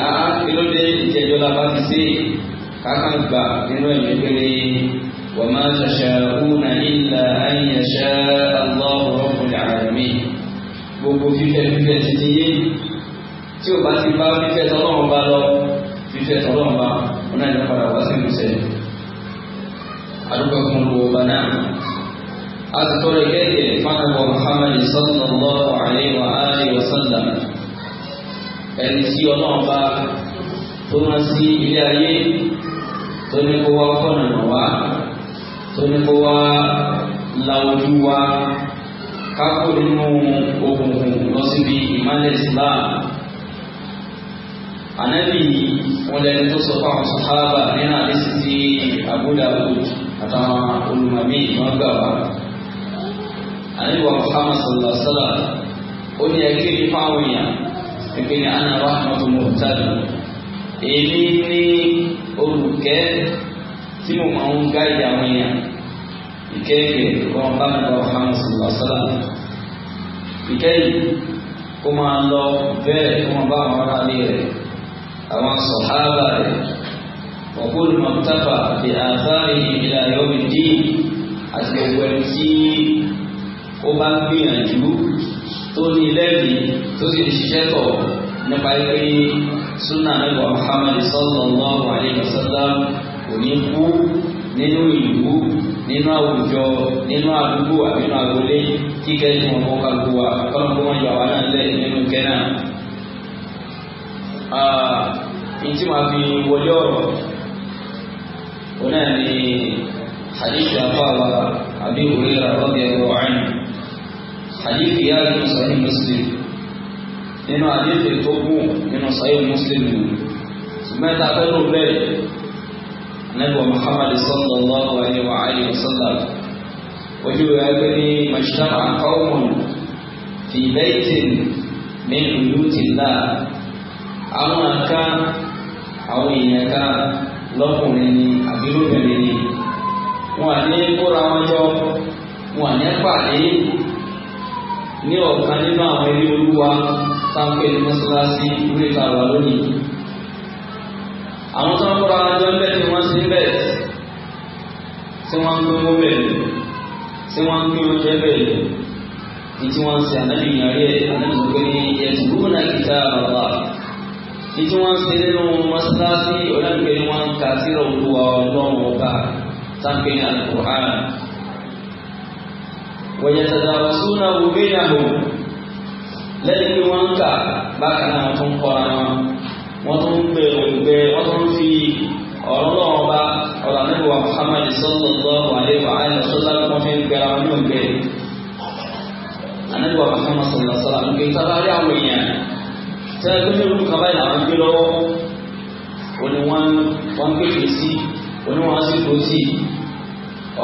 àá ah, kílódé ìjẹjọ làbá ti sí kákan gbà nínú ẹ̀mí péré wà máa ṣàṣà òun ilà àyìnṣà aláwọ̀ ọkùnrin àrẹ̀mí gbogbo fífẹ́ fífẹ́ títí yé tí o bá ti bá fífẹ́ tọ́lọ́run bá lọ fífẹ́ tọ́lọ́run bá wọn náà yóò padà wá sí ìmúṣẹ. àdúgbò fún gbogbo náà a ti tọrọ ìkẹ́kẹ́ fún àwọn Muhammad sallallahu alayhi wa alihi wa sallam ẹni tí ọlọ́run bá tó rán sí ilé ayé tó ní kó wá kọ́nà wá tó ní kó wá la ojú wa kákó nínú òkùnkùn lọ síbi ìmálẹ̀ Islam anabi wọn lẹni tó sọ fún àwọn sàhábà nínú àdéhùn sí abúlé abúlé àtàwọn olùmọ̀mí wọn gbà wá anabi wa Muhammad sallallahu alaihi wa sallam ó ní ẹgbẹ́ ní fáwọn èèyàn pé ana rahmatu muhtadu èmi ní olùkẹ́ tí mo máa ń gáyà àwọn èèyàn ìkẹ́kẹ́ wọn bá mi bá Muhammad sallallahu alaihi wasallam ìkẹ́yì kó máa lọ bẹ́ẹ̀ kó máa bá àwọn ará ilé rẹ̀ àwọn sọ̀hábà rẹ̀ ọ̀gbọ́n mọ̀tàfà bí àzáre ìlà yọ̀mìdì àti ọ̀gbẹ́ni tí ó bá gbìyànjú tó ní lẹ́bi tó sì ń ṣiṣẹ́ tọ̀ nípa pé súnà nípa Muhammad sallallahu alaihi wasallam kò ní kú nínú ìlú nínú àwùjọ nínú àdúgbò àbí nínú agbolé kíkẹ́ ní wọn kọ́ ká gbó wa kọ́nà kó wọ́n náà lẹ̀ nínú kẹ́nà. Ìtí máa fi wọlé ọ̀rọ̀ òun náà ni hadith àbáwa àbí Hurairah radiyallahu anhu hadithi yá nínú sahih muslim nínú hadithi tó gùn nínú sahih muslim nù ṣùgbọ́n tá a fẹ́ lò bẹ́ẹ̀ anábọ̀ muhammad sallallahu alayhi wa alihi wa sallam ojú rẹ̀ gbé ní mashitama qawmun fi baitin min buyutillah àwọn àká àwọn èèyàn ká lọ́kùnrin ni àbíròbìnrin ni wọn à ní kóra wọn jọ wọn à ní pàdé ní ọ̀kan nínú àwọn ilé olúwa táǹpẹ́ ní mọ́ṣáláṣí ìwé ìtàwà lónìí. àwọn tó ń kóra jọ ń bẹ̀ tí wọ́n sí bẹ̀ tí wọ́n ń gbówó bẹ̀ tí wọ́n ń gbé oúnjẹ bẹ̀ ní tí wọ́n ń ṣe ànábìyàn rí ẹ̀ ànábìyàn pé ní ẹ̀sùn gómìnà kìtà bàbá ní tí wọ́n ń ṣe nínú mọ́ṣáláṣí ọlọ́dúnrún wọn kà sí ìrọ̀lúwa ويتدارسونه بينهم lẹ́yìn tí wọ́n ń kà bákan náà wọ́n tún kọ́ra wọn wọ́n tún ń gbé òǹgbẹ wọ́n tún fi ọ̀rọ̀ lọ́wọ́ bá ọ̀rọ̀ ànábì wa Muhammad sallallahu alaihi wa alihi wasallam wọ́n fi ń gbẹ́ra wọn ní òǹgbẹ. ànábì wa Muhammad sallallahu alaihi wa sallam kì í sábà rí àwọn èèyàn tẹ́ ẹgbẹ́ ní olùkọ́ báyìí làwọn gbé lọ́wọ́ òní wọ́n gbé fèsì òní wọ́n sì kó sí i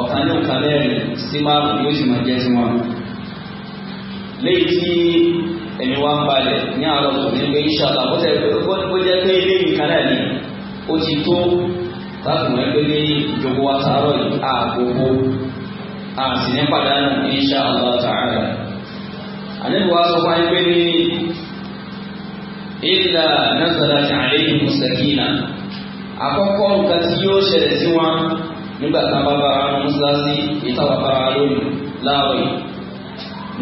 ọ̀kan ní òǹkà mẹ́rin sí márùn yóò sì máa jẹ́ sí wọn. léyìí tí ẹ̀mí wa ń balẹ̀ ní àárọ̀ tó ní pé ìṣàlá bó tẹ̀ bó jẹ́ pé ilé nìkan náà ni ó ti tó láti mọ̀ pé ní ìjọba wa sàárọ̀ yìí àgbogbo àti ní pàdánù ìṣàlá tààrà. àníbi wa sọ fún pé ní ìlà nazalat alayhim sakinah àkọ́kọ́ nǹkan tí yóò ṣẹlẹ̀ sí wọn nígbà tá a bá bára wọn mọ́sálásí ìta bá bára lónìí láàárọ̀ yìí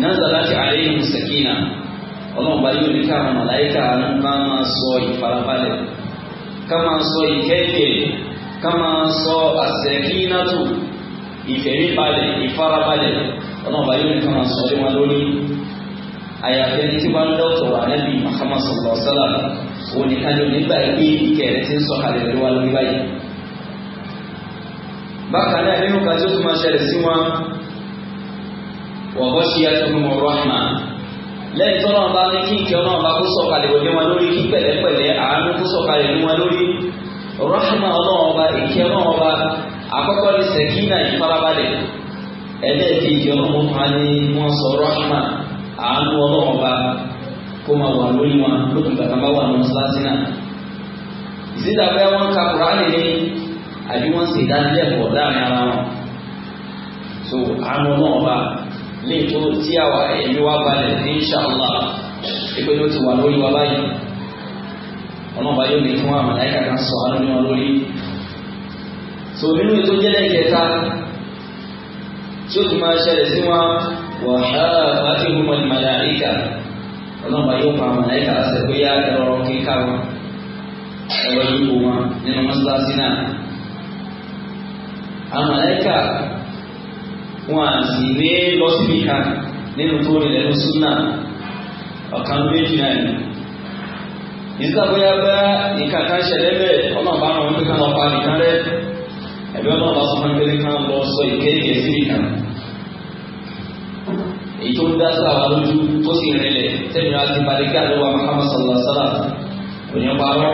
nazalat alayhim sakina ọlọ́run bá yóò ní ká àwọn màláìka àánú ká máa sọ ìfarabalẹ̀ ká máa sọ ìkẹ́kẹ́ ká máa sọ àsẹ̀kínátù ìfẹ̀míbalẹ̀ ìfarabalẹ̀ ọlọ́run bá yóò ní ká máa sọ lé wọn lórí àyàfi ẹni tí wọn dọ́tọ̀ wà nẹ́bí Muhammad sallallahu alaihi wasallam nígbà gbé ìkẹrẹ tí ń sọ kalẹ̀ lé wọn lórí báyìí. ba ka nínú kan tí ó tún máa ṣẹlẹ̀ sí wọn wọ̀bọ́ sí ẹtùmọ̀ rọ́hìmà lẹ́yìn tó náà bá ní kí ìkẹ́ náà bá kó sọ̀kalẹ̀ wọlé wọn lórí kí pẹ̀lẹ́pẹ̀lẹ́ dị kó sọ̀kalẹ̀ ní wọn lórí rọ́hìmà ọlọ́run ọba ìkẹ́ náà ọba àkọ́kọ́ ní sẹ̀kínà ìfarabalẹ̀ ẹlẹ́ẹ̀kejì ọlọ́run ọba ni ọba kó máa wà lórí wọn lókùnkà àbí wọ́n sì dánilẹ́kọ̀ọ́ láàrin ara wọn so àánú náà bá lè tó tí àwa ẹ̀mí wa balẹ̀ ní ṣàlùmá pípé ló ti wà lórí wa báyìí ọlọ́ọ̀bá yóò lè fún àwọn àdáyíká kan sọ àánú ní wọn lórí so nínú ètò jẹ́lẹ̀ kẹta tí ó ti máa ṣẹlẹ̀ sí wọn wàhálà láti rú mọ́ ìmọ̀lẹ̀ àríkà ọlọ́ọ̀bá yóò pa àwọn àdáyíká àṣẹ bóyá ẹ̀rọ kíkà wọn ẹ̀rọ yípo wọn nínú mọ́ṣáláṣí náà àwọn màláíkà wọn à sì ní lọ síbi kan nínú tó rí lẹ́nu súnà ọ̀kan méjì náà ni ìsìlábóyá bá nǹkan kan ṣẹlẹ̀ bẹ́ẹ̀ ọmọ bá wọn pé ká lọ pa nìkan rẹ ẹ̀bí ọmọ bá sọ fún pé ká lọ sọ ìkéde síbi kan èyí tó ń dá sáwà lójú tó sì rìnlẹ̀ tẹ́lẹ̀ láti parí kí àdúrà Muhammad sallallahu alaihi kò ní parọ́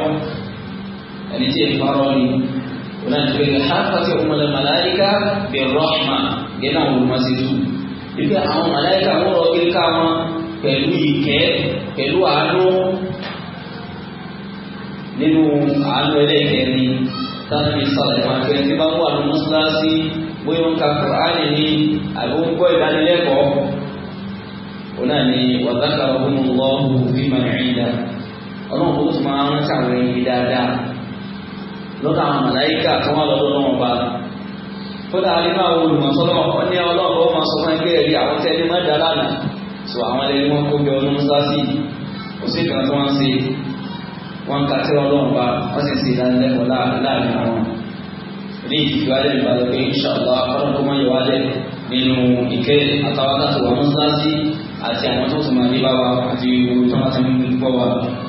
ẹni tí èyí parọ́ ni onáàdìgbé ní hafati ọmọlẹ màláyíká bẹ rọhma yẹn náà wọn máa ṣe tù ibi àwọn màláyíká wọn rọ kiri ká wọn pẹ̀lú ìkẹ́ pẹ̀lú àánú nínú àánú ẹlẹ́kẹ̀ẹ́ni tánàbí sọ̀rọ̀ ìwà pé tí bá wà ní mọ́ṣáláṣí ka kùránì ní àbí ń kọ́ ìdánilẹ́kọ̀ọ́ ọ̀nà ni wàtàkà ọ̀hún lọ́hùn fíìmà ìrìndà ọlọ́run kò tún máa ń rántí àwọn dáadáa lọ́dọ̀ àwọn màláíkà kan wà lọ́dọ̀ lọ́wọ́ bá kódà alínú àwọn olùmọ̀sọ́lọ́ wọn ní ọlọ́ọ̀bọ máa sọ fún ẹgbẹ́ rí àwọn tẹ́lẹ̀ má dá lánàá sọ àwọn ẹni wọn kó bí ọdún sáàsì kò sí ìgbà tí wọ́n ṣe wọn ka tí ọlọ́run bá wọ́n sì ṣe ìdánilẹ́kọ̀ọ́ láàrin àwọn ní ìfìwálẹ̀ ìbàdàn pé ìṣàlọ́ akọ́nàkọ́ mọ́ ìwálẹ̀ nínú ìkẹ́ àtàwọn tó tún máa ní àti ìwòrán tó máa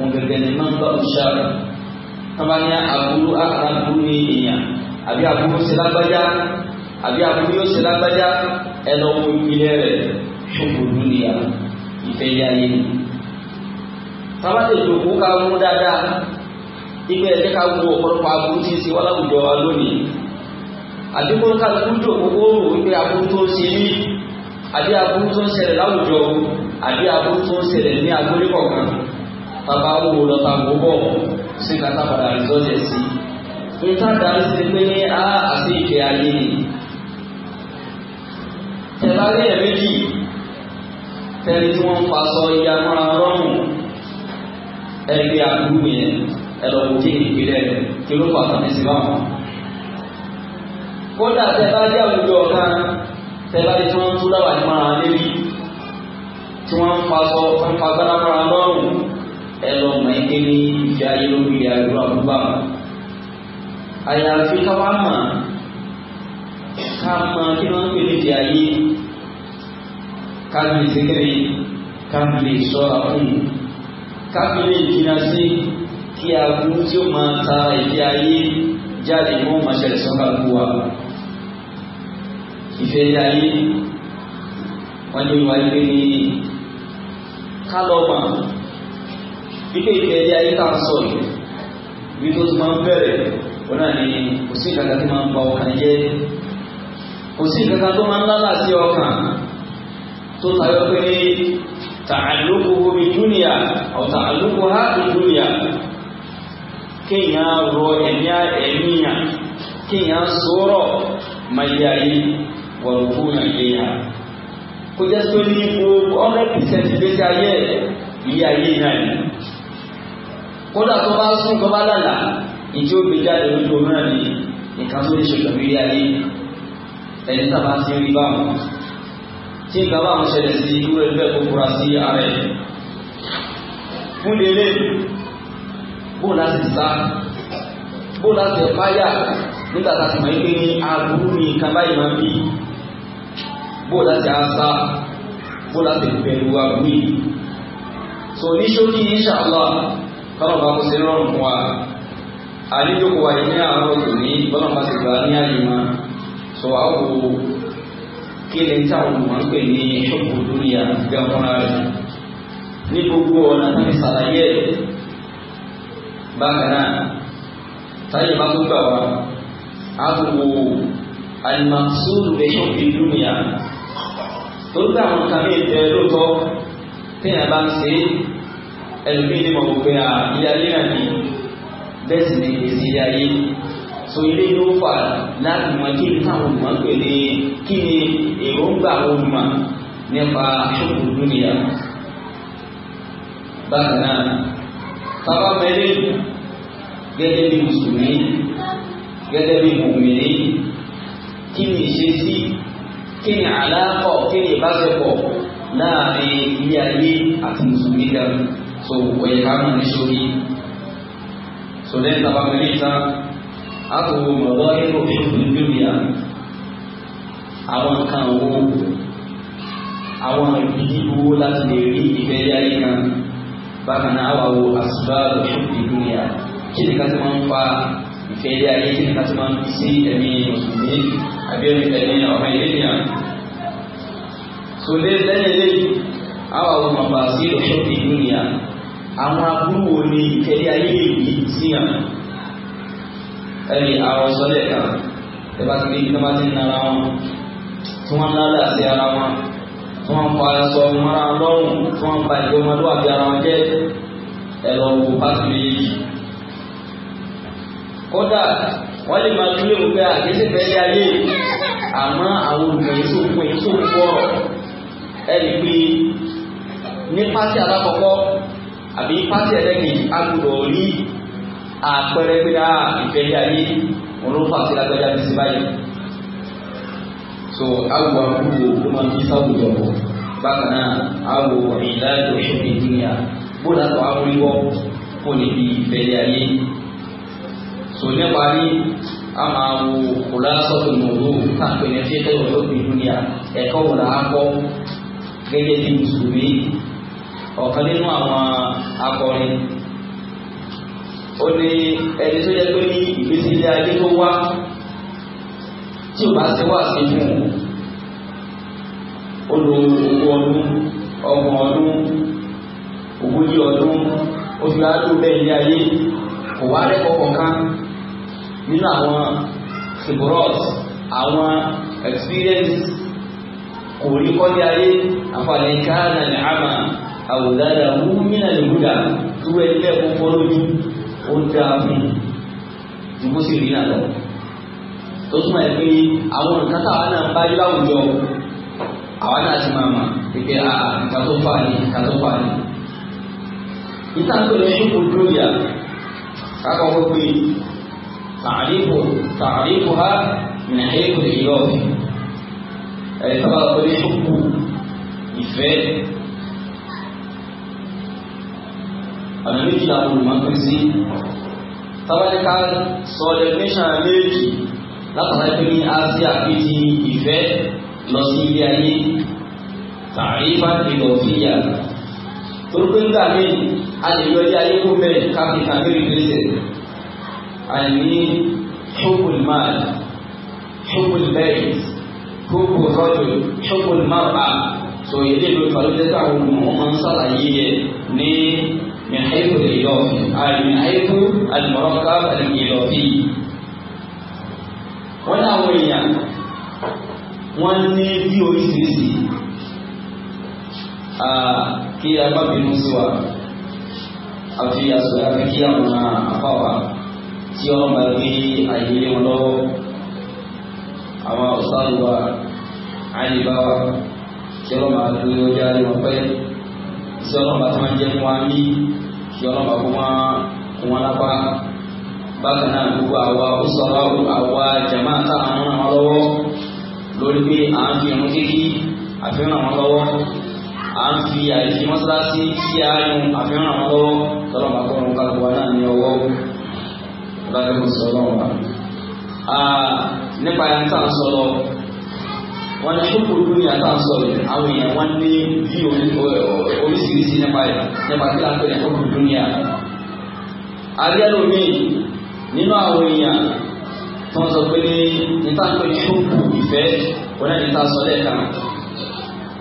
wọn gẹ́gẹ́ ni máa ń bá òṣìṣẹ́ rẹ̀ ní aburú àbí aburú ṣe àbí aburú yóò ṣe lágbájá ẹ lọ wo ìpìlẹ̀ rẹ̀ ṣòfò dúnìyà ìfẹ́ yé ni. tọ́ba lè dòkó ká mú dáadáa ká ti ṣe wọ́n láwùjọ wa lónìí. àdínkù ká rò wípé tó ṣe àbí tó ń láwùjọ àbí tó tábà ń wo lọ ta gbogbo ṣé ká tá padà rìsọ́ọ̀tì sí i níta darí sí pé á àti ìkẹ́ ayé ni tẹ̀lá ní ẹ̀ méjì tẹ́lẹ̀ tí wọ́n ń fa sọ ìyá máa rọrùn ẹgbẹ́ àbúrú yẹn ẹlọ́wọ́ kí ìpínlẹ̀ kí ló pàtàkì sí báwọn kódà tẹ́lá jẹ́ àwùjọ kan tẹ́lá tí wọ́n ń túndáwà ní máa lébi tí wọ́n fa sọ fún fagbára máa lọ́rùn ẹ lọ mọ̀ ẹ́ pé ní ìfẹ́ ayé ló fi àdúrà àbúgbà mọ̀. àyàfi káwá mọ̀ ká mọ̀ kí wọ́n pè ní ìfẹ́ ayé ká lè sékèrè ká lè sọ́ra fún un ká lè jìnnà sí kí aburú tí ó máa ta ìfẹ́ ayé jáde mọ́ máa ṣẹlẹ̀ sọ́ka wa. ìfẹ́ ayé wọ́n ní wáyé ní kálọ́mà ilé ìtẹ̀lé ayé tá à ń sọ yìí ibi tó ti máa ń bẹ̀rẹ̀ wọn náà ni kò sí ìkàkà tó máa ń ba ọkàn jẹ́ kò sí ìkàkà tó máa ń lálà sí ọkàn tó tayọ pé ní tààlùkù bí dúnìyà ọ̀ tààlùkù ha bí dúnìyà kéèyàn rọ ẹ̀mí ẹ̀míyàn kéèyàn sọ̀rọ̀ mayà yìí wọ̀n fún nàìjíríà kó jẹ́ sọ ní gbogbo 100% gbèsè ayé ìyá yìí náà kódà tó bá sún tó bá lálà ìjó gbé jáde lójú omi náà ni nǹkan tó lè ṣe pẹ̀lú ilé ayé ẹni tàbá ti rí báwọn tí nǹkan báwọn ṣẹlẹ̀ sí irú ẹgbẹ́ tó fura sí ara ẹ̀ fún lélẹ̀ bóun láti sá bóun láti páyà nígbà tá a sì mọ̀ pé ní aburú ni nǹkan báyìí máa ń bí bóun láti á sá bóun láti bẹ̀rù aburú yìí. sọ ní ṣókí Allah kọ́nà bá kó ṣe rọrùn fún wa àníjòkó wa yìí ní àárọ̀ tò ní bọ́nà bá ti gbà ní àyè wọn sọ wá wo kí ni tí àwọn olùmọ̀ ń pè ní ṣọ́kù lórí àgbẹ̀ ọ̀nà rẹ̀ ní gbogbo ọ̀nà tó ti ṣàlàyé bákan náà táyà bá tó gbà wá á tó wo alimaksud bẹ ṣọ́kù lórí à tó gbà wọn kàmí ìtẹ́ lóòótọ́ téèyàn bá ń ṣe é ẹlòmíì mọ̀ mọ̀ pé ilé náà ni bẹ́ẹ̀ sì ni èsì ilé so ilé ló fà láti mọ kí ni táwọn olùmọ̀ pè ní kí ni èròǹgbà olùmọ̀ nípa ṣòkòtò dúnìyà bákan náà bàbá mẹ́lẹ́ gẹ́gẹ́ bí mùsùlùmí gẹ́gẹ́ bí mùmìnì kí ni ìṣesí kí ni àlàkọ̀ kí ni ìbáṣepọ̀ láàrin ilé ayé àti mùsùlùmí dáadáa so òye ká mú ní sórí so lẹ́yìn tàbá mi níta a kò wo mọ̀lọ́ nínú ìlú dúnìá àwọn nǹkan owó àwọn ìdí owó láti lè rí ìfẹ́ yáyé kan bákan náà wà wo àṣìbá ìlú dúnìá kí ni ká ti máa ń fa ìfẹ́ ilé ayé kí ni ká ti máa ń fi sí ẹ̀mí mùsùlùmí àbí ẹ̀mí ọmọ ilé nìyà. so lẹ́yìn lẹ́yìn àwọn ọmọ bàbá sí òṣèlú àwọn aburú wo ni anyị ayé yìí sí yàn ẹni àwọn sọlẹ kan ẹ bá ti ti nara wọn tí lálẹ́ àti ara wọn tí pa aṣọ lọ́rùn tí pa ìgbé ọmọdé àti ara wọn kódà lè máa tún léwu pé àkéṣe ayé àbí pátì ẹlẹ́kejì á gbọ́dọ̀ rí àpẹẹrẹ pé á ah, ìfẹ́ yá yé wọn ló fà sí lágbájá ní sí báyìí so awo àbúrò ó máa fi sáwùjọ bọ̀ bákan náà awo ìdájọ́ ìṣòro ìdíyà bóòdà tó awo wíwọ́ kó níbi ìfẹ́ yá so nípa ní a máa wo kòlásọ̀tò mòló káàpẹ̀ ní fífẹ́ ọ̀dọ́ ìdúnyà ẹ̀kọ́ wò láàkọ́ gẹ́gẹ́ bí mùsùlùmí ọ̀kan nínú àwọn akọrin ó ní ẹni tó yẹ pé ní ìgbésí ilé ayé tó wá tí ò bá ti wà sí fún ó lo ogún ọdún ọgbọ̀n ọdún ogójì ọdún ó fi bẹ́ẹ̀ ilé ayé kò wá rẹ́kọ̀ọ́ kọ̀ọ̀kan nínú àwọn fibros àwọn experience kò rí kọ́lé ayé àfàlẹ́ káàdà ní àmà àwòdára múmínà lèmúdà tó ẹgbẹ́ púpọ̀ lójú ó dá fún tí kó sì rí náà lọ tó túmọ̀ ẹ̀ pé àwọn nǹkan táwa náà bá yí láwùjọ àwa náà ti máa mà pípẹ́ à nǹkan tó fà ní nǹkan tó fà ní. níta tó lè ṣe kojú ìyá kákọ̀ wọ́n pé tààrífò tààrífò ha nàìjíríà lè yọ ọ̀fẹ́ ẹ̀ sábà kò lè ṣe ìfẹ́ ọ̀nà méjì làwọn olùmọ̀ pín sí tábàlíkà sọ definition méjì látara pé ní asia pé ti ìfẹ́ lọ sí ilé ayé tàrífà ìlọ̀fíyà torípé nígbà míì a lè yọ ilé ayé kó bẹ́ẹ̀ káfíńkà mẹ́rin lẹ́sẹ̀ àìní ṣókùn máa ṣókùn bẹ́ẹ̀ ṣókùn rọ́jò ṣókùn máa bá so ilé ìlú ìfàlódé táwọn olùmọ̀ máa ń ṣàlàyé yẹ من حيث الإضافي أي من حيث المركب الإضافي wọ́n láwọn èèyàn wọ́n ní bí oríṣiríṣi kí agbábìnrin sí wa àfi àsọ̀rọ̀ àfi kí àwọn àpáwà tí wọ́n máa gbé àyílé wọn lọ́wọ́ àwọn ọ̀sán wa àyíbáwa tí wọ́n máa gbé ọjà rẹ̀ wọ́n pẹ́ tí wọ́n máa tó máa jẹ́ wọn ní kí kuma fún wọn fún wọn lápá bákan náà gbogbo àwa ó sọ̀rọ̀ àwa jàmáà tá à ń ràn wọ́n lọ́wọ́ lórí pé à ń fi irun kíkí àfihàn wọn lọ́wọ́ à ń fi àìsí mọ́sálásí sí àárín àfihàn wọn lọ́wọ́ tọ́lọ́mọ akọ́run kálukú wa náà ní ọwọ́ ọ̀làdẹ́kùn sọ̀rọ̀ nípa ẹni tá à ń wọ́n ní ṣókò dúnìyà tá à ń sọ yìí àwọn èèyàn wọ́n ní bí oríṣiríṣi nípa rẹ̀ nípa tí a ń pè ní ṣókò dúnìyà. Adéyẹ́lómi nínú àwọn èèyàn tó ń sọ pé ní níta pé ní ṣókò ìfẹ́ wọn náà níta sọ lẹ́ẹ̀kan.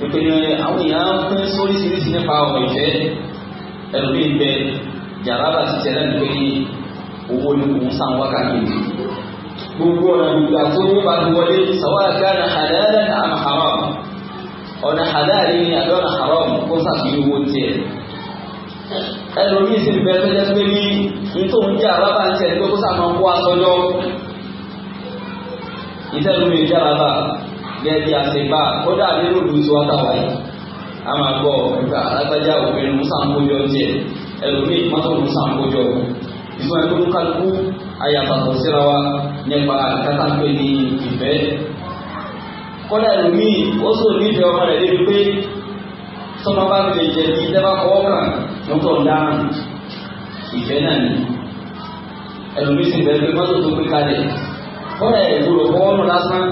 Ìpinnu àwọn èèyàn pín sóríṣiríṣi nípa ọ̀rọ̀ ìfẹ́ ẹlòmíì bẹ jàrá bá ti tẹ̀lé nípa owó ni òun sàn wákàtí gbogbo ọ̀nà gbígbà tó ní bá wọlé sàwọn àgbára àdáyàdá ní àmà haram ọ̀nà àdáyàdá ní àdọ́nà haram kó sàfihàn owó tiẹ̀ ẹlòmíì sì bẹ́ẹ̀ tó jẹ́ pé ní nítorí jẹ́ àbábà ń tẹ̀ pé kó sàmọ́ kó aṣọjọ́ ìtẹ́lómi jẹ́ àbábà gẹ́gẹ́ bí àṣepá kódà nínú ìlú tí wọ́n tàwa yìí a máa gbọ́ nípa alágbájá obìnrin musa ń kójọ tiẹ̀ ẹlòmíì mọ́tò musa ń kójọ ìfún ẹgbẹ́ Ayat satu wa yang àkàtà pé ní di kọ́lá ẹlòmí ó sọ di ọmọ rẹ̀ débi pé sọ́mọ bá fi lè jẹ ní ìjẹba kọ́ọ̀kan ló tọ̀ dáhùn ìfẹ́ náà ni ẹlòmí sì bẹ̀rẹ̀ pé mọ́tò tó gbé kalẹ̀ kọ́lá ẹ̀gbọ́dọ̀ fọwọ́nù lásán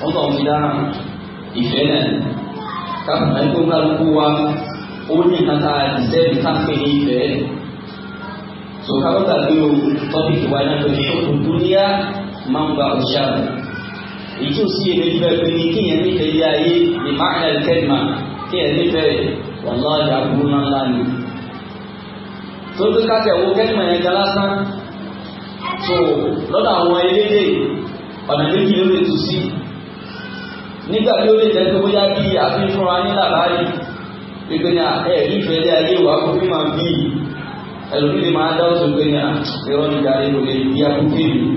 wọ́n tọ̀ fi dáhùn ìfẹ́ náà ni káfíńtà sọ̀rọ̀ gbàgbé o tọ́pìkì wa náà lórí ṣòkòtò dúníà máa ń gba òṣàbù èyí ò sí èmi bẹ́ẹ̀ pé ní yang nífẹ̀ẹ́ ilé ayé ní mákàlì kẹ́lìmà kíyàn nífẹ̀ẹ́ wàlá ìyá burú náà ńlá ni. tó gbé káfíà wo kẹ́lìmà yẹn ga lásán tó lọ́dọ̀ àwọn eléyè ọ̀nà méjì ló lè tù sí ini tí ó lè jẹ́ pé bóyá bí àfihàn wa ní làbáyé pípẹ́ ní ẹ̀ẹ́dì ìfẹ́ ilé ayé ẹlòmí lè máa dáwọ́ sọ pé ní ìrọ́ ní ìdarí kò lè bí akúkú ìlú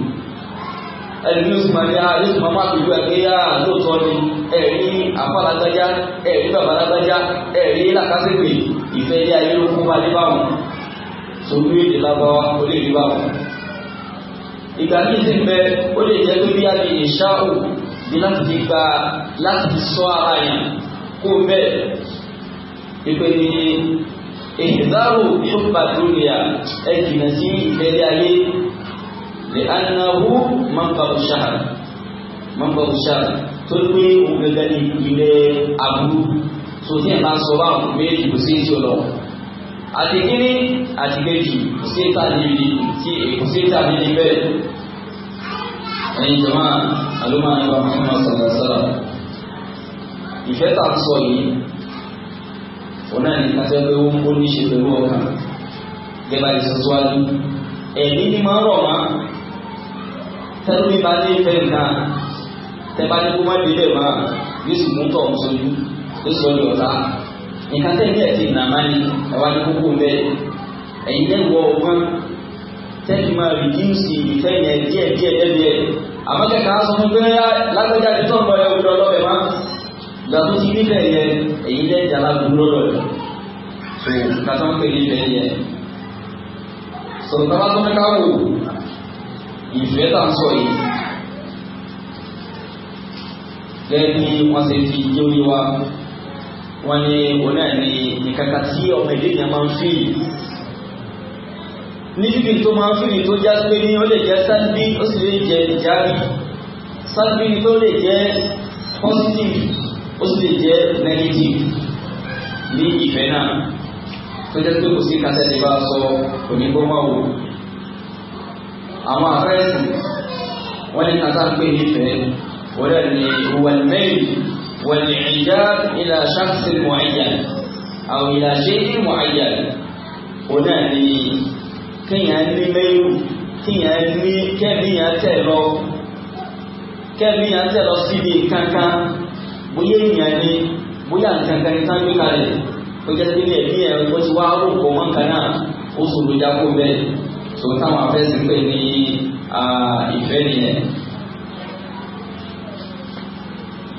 ẹlòmí ó sì máa ní ààrẹ tó máa máa pẹ̀lú ẹgbẹ́ yá lóòótọ́ ni ẹ̀rí afálágbájá ẹ̀rí babalágbájá ẹ̀rí làkásẹ̀gbè ìfẹ́ ilé ayé ló kún wáyé báwọn sórí èdè lábáwá ó lè rí báwọn. ìgbà ní ìsìn bẹ ó lè jẹ́ pé bí a lè ṣáò ní láti fi gba láti fi sọ ara yẹn kó bẹ́ẹ̀ ìpè ìdáhù ṣùgbà dúnìyà ẹ jìnà sí ìfẹ́lẹ́ ayé lè anáwó mọ́kànlá mọ́kànlá tó gbé òun gẹ́gẹ́ ní ìpínlẹ̀ aburú tó ní ẹ̀ka sọ bá òun méjì kò sí ìṣó lọ. àti kíní àti kejì kò sí ìta níbi tí kò sí ìta níbi bẹ́ẹ̀. ẹ̀yin jọ̀mọ́ àlọ́ máa ń bá Muhammad sallallahu alaihi ìfẹ́ tà ń sọ yìí òun náà ní kásẹ̀ pé ó ní ṣe pẹ̀lú ọkàn gẹ́gbà ìsọsíwájú ẹ̀mí ni máa ń rọ̀ wá tẹ́lómi bá ní ìfẹ́ nǹkan tẹ́bá ní kó má délẹ̀ máa yóò sì mú tọ̀ sójú yóò sọ ní ọ̀tá nǹkan tẹ́lẹ̀ ẹ̀ ti nà má ní ẹ̀wá ní kókó bẹ́ẹ̀ ẹ̀yin náà wọ ọgbọ́n tẹ́lẹ̀ máa rìdíùsì ìfẹ́ yẹn díẹ̀ díẹ̀ díẹ̀ díẹ̀ àmọ́ kẹ́kẹ́ á sọ fún pé lágbẹ́jáde tó ń bọ̀ ẹ̀ ìgbà tó ti níbẹ̀ yẹ èyí lẹ́yìn jàlá dúró lọ́dọ̀ rẹ̀ ìgbà tó ń pè níbẹ̀ yẹ. sọ̀tàlá tó fẹ́ ká wò ìfẹ́ tà ń sọ yìí lẹ́yìn tí wọ́n ṣe fi yé orí wa wọ́n ní òun náà ní ìkàkà tí ọmọ ìdí yẹn máa ń fi níbi tó máa ń fi tó já pé ní ó lè jẹ́ sáàbí ó sì lè jẹ́ járí sáàbí tó lè jẹ́ positive ó sì lè jẹ́ negative ní ìfẹ́ náà tó jẹ́ pé kò sí kásẹ̀ tí bá sọ onígbọ́mọ̀wò àwọn afẹ́sì wọ́n ní kásá ń pè nífẹ̀ẹ́ wọ́n dẹ̀ ní wàlmẹ́lì wàlìíjà ìlà ṣáàkì mọ̀ọ́yà àwọn ìlà ṣe ní mọ̀ọ́yà wọ́n náà ní kéèyàn ní mẹ́lù kéèyàn ní kẹ́míyàn tẹ̀ lọ síbi kankan bóyá èèyàn ni bóyá nǹkan kan ní sáà gbé kalẹ̀ ó jẹ́ sílé ẹ̀mí ẹ̀ ó ti wá òkò wọn kan náà ó sòrò jákó bẹ́ẹ̀ tó táwọn afẹ́sí pé ní ìfẹ́ nìyẹn.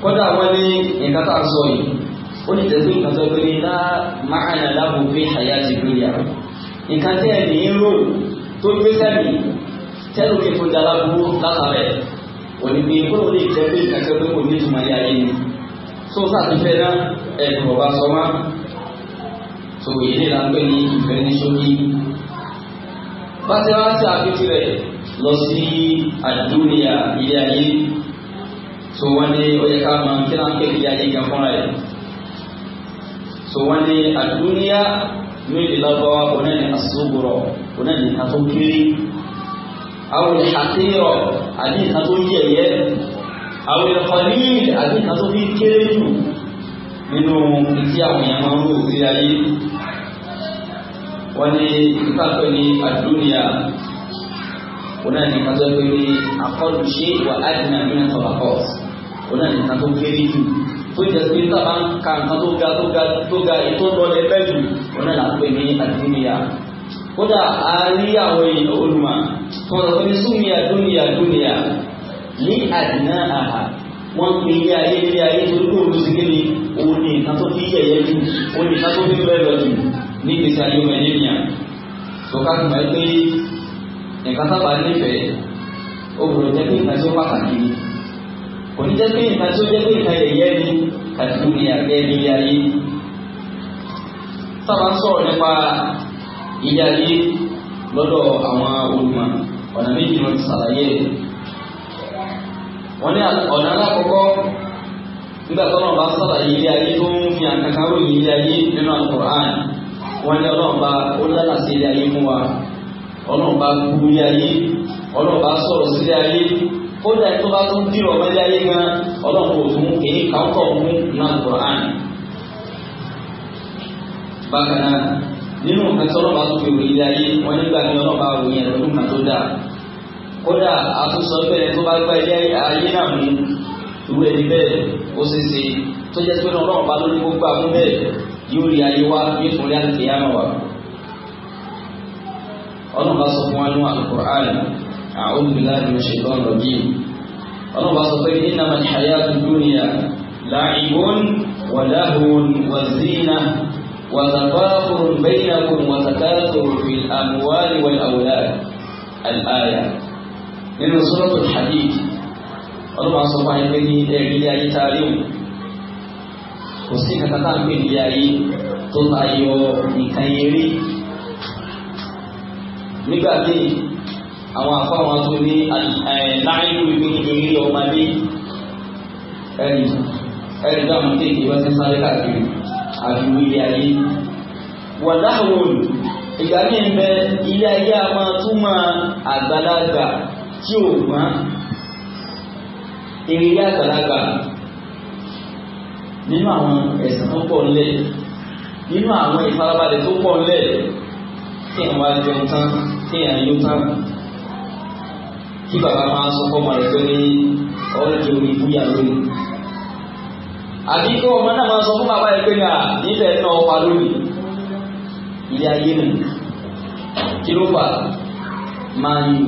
kódà wọ́n ní nǹkan tá a sọ yìí ó ní tẹ̀sí nǹkan tó gbé ná máàna lábùgbé àyà ti lóyà nǹkan tẹ́ ẹ̀ ní í rò tó gbé sẹ́mi tẹ́lu kí fún jalábú látàrẹ̀ òní bí kó ló lè jẹ́ pé nǹkan tó kò ní ìtumọ̀ yá ni tó sáàtì fẹ́ náà ẹ̀rù ọba sọ wá tó yìí là ń pè ní ìfẹ́ ní ṣókí bá ti wá sí àfitì rẹ̀ lọ sí àdúnyà ilé ayé tó wọ́n ní ọyẹ ká máa kí náà pè ilé ayé gan fúnra rẹ̀ tó wọ́n ní àdúnyà ní ìlọ́gbọ́wá onáà ní àsúgbòrò onáà ní ìta tó kéré àwọn ìṣàkíyọ̀ àbí ìta tó yẹ̀yẹ́ àwọn ìrọ̀kọ̀lì àti nǹkan tó fi kéré jù nínú ìdí àwọn èèyàn máa ń rò sí ayé wọ́n ní ìpàkọ́ ní àdúnyà wọ́n náà ní nǹkan tó pé ní àkọlù ṣe wà ádìmọ̀ àdúnyà tọ̀bàkọ́ wọ́n náà ní nǹkan tó kéré jù tó jẹ́ pé tábà ń ka nǹkan tó ga tó ga tó ga èyí tó lọ jù wọ́n náà là ń ní àdúnyà kódà a rí àwọn olùmọ̀ tó ń sọ pé ní súnmìyà dúnìyà dúnìyà ní àdínà àhà wọ́n pe ilé ayé ilé ayé tó kó olú sí kéde òun ní nǹkan tó fi yẹ̀yẹ́ jù òun ní nǹkan tó fi fẹ́ lọ jù ní ìgbésí ayé ọmọ ẹ̀yẹ́ nìyà sọ̀ká tó máa pé nǹkan sábà nífẹ̀ẹ́ ó jẹ́ pé nǹkan tí ó pàtàkì ni kò ní jẹ́ pé nǹkan tí ó jẹ́ pé nǹkan yẹ̀yẹ́ ni kàtìkù ní àgbẹ̀ ilé ayé sábà ń sọ̀rọ̀ nípa ilé ayé lọ́dọ̀ àwọn olùmọ̀ ọ̀nà méjì ló ti wọ́n ní ọ̀nà alákọ̀ọ́kọ́ nígbà tó náà bá sábà ilé ayé tó ń fi àkàkárò ilé ayé nínú alukur'an wọ́n ní ọlọ́run bá ó lálà sí ilé ayé fún wa ọlọ́run bá gbú ilé ayé ọlọ́run bá sọ̀rọ̀ sí ilé ayé kódà tó bá tún dì ọmọ ilé ayé gan ọlọ́run kò tún èyí kàókọ̀ fún nínú alukur'an. bákan náà nínú nǹkan tí ọlọ́run bá fi rò ilé ayé wọ́n nígbà tí ọlọ́run bá yẹn lọ́dún kódà àtúnṣọ bẹ́ẹ̀ tó bá gba ilé ayé náà mú ìwé ẹni bẹ́ẹ̀ ó ṣe ṣe tó jẹ́ pé ọlọ́run bá lórí gbogbo àwọn bẹ́ẹ̀ yóò rí ayé wá ní ìfúnlẹ̀ àti ìyá náà wà. ọlọ́run bá sọ fún wa nínú Al-Qur'an a'udhu billahi minash shaitanir rajim ọlọ́run bá sọ pé innamal hayatud dunya la'ibun wa lahwun wa zinah wa tafakhurun baynakum wa takathurun fil nínú suratul Hadid ọlọ́wọ́ sọ fún ayẹyẹ ní ẹ̀rí ilé ayé tá a rí òun kò sí nǹkan tá à ń pè ní ayé tó tayọ nǹkan eré nígbà míì àwọn afáwọn tó ní láìlú ìgbìyànjú ní ọmọdé ẹni ẹni tó àwọn kéèké wọn ti sáré káàkiri àdúgbò ilé ayé wà láwọn ìgbà míì ń bẹ ilé ayé a máa àgbàlagbà tí ò gbọ́n eré àgbàlagbà nínú àwọn ẹ̀sìn tó pọ̀ ńlẹ̀ nínú àwọn ìfarabalẹ̀ tó pọ̀ ńlẹ̀ tí àwọn wá jẹun tán tí àwọn yóò tán kí bàbá máa sọ fọmọ rẹ pé ọ̀rọ̀ jẹ omi ìbúyà lónìí àbí kí ọmọ náà máa sọ fún bàbá rẹ pé à nílẹ̀ náà ọpa lónìí ilé ayé nù kí ló fà máa yù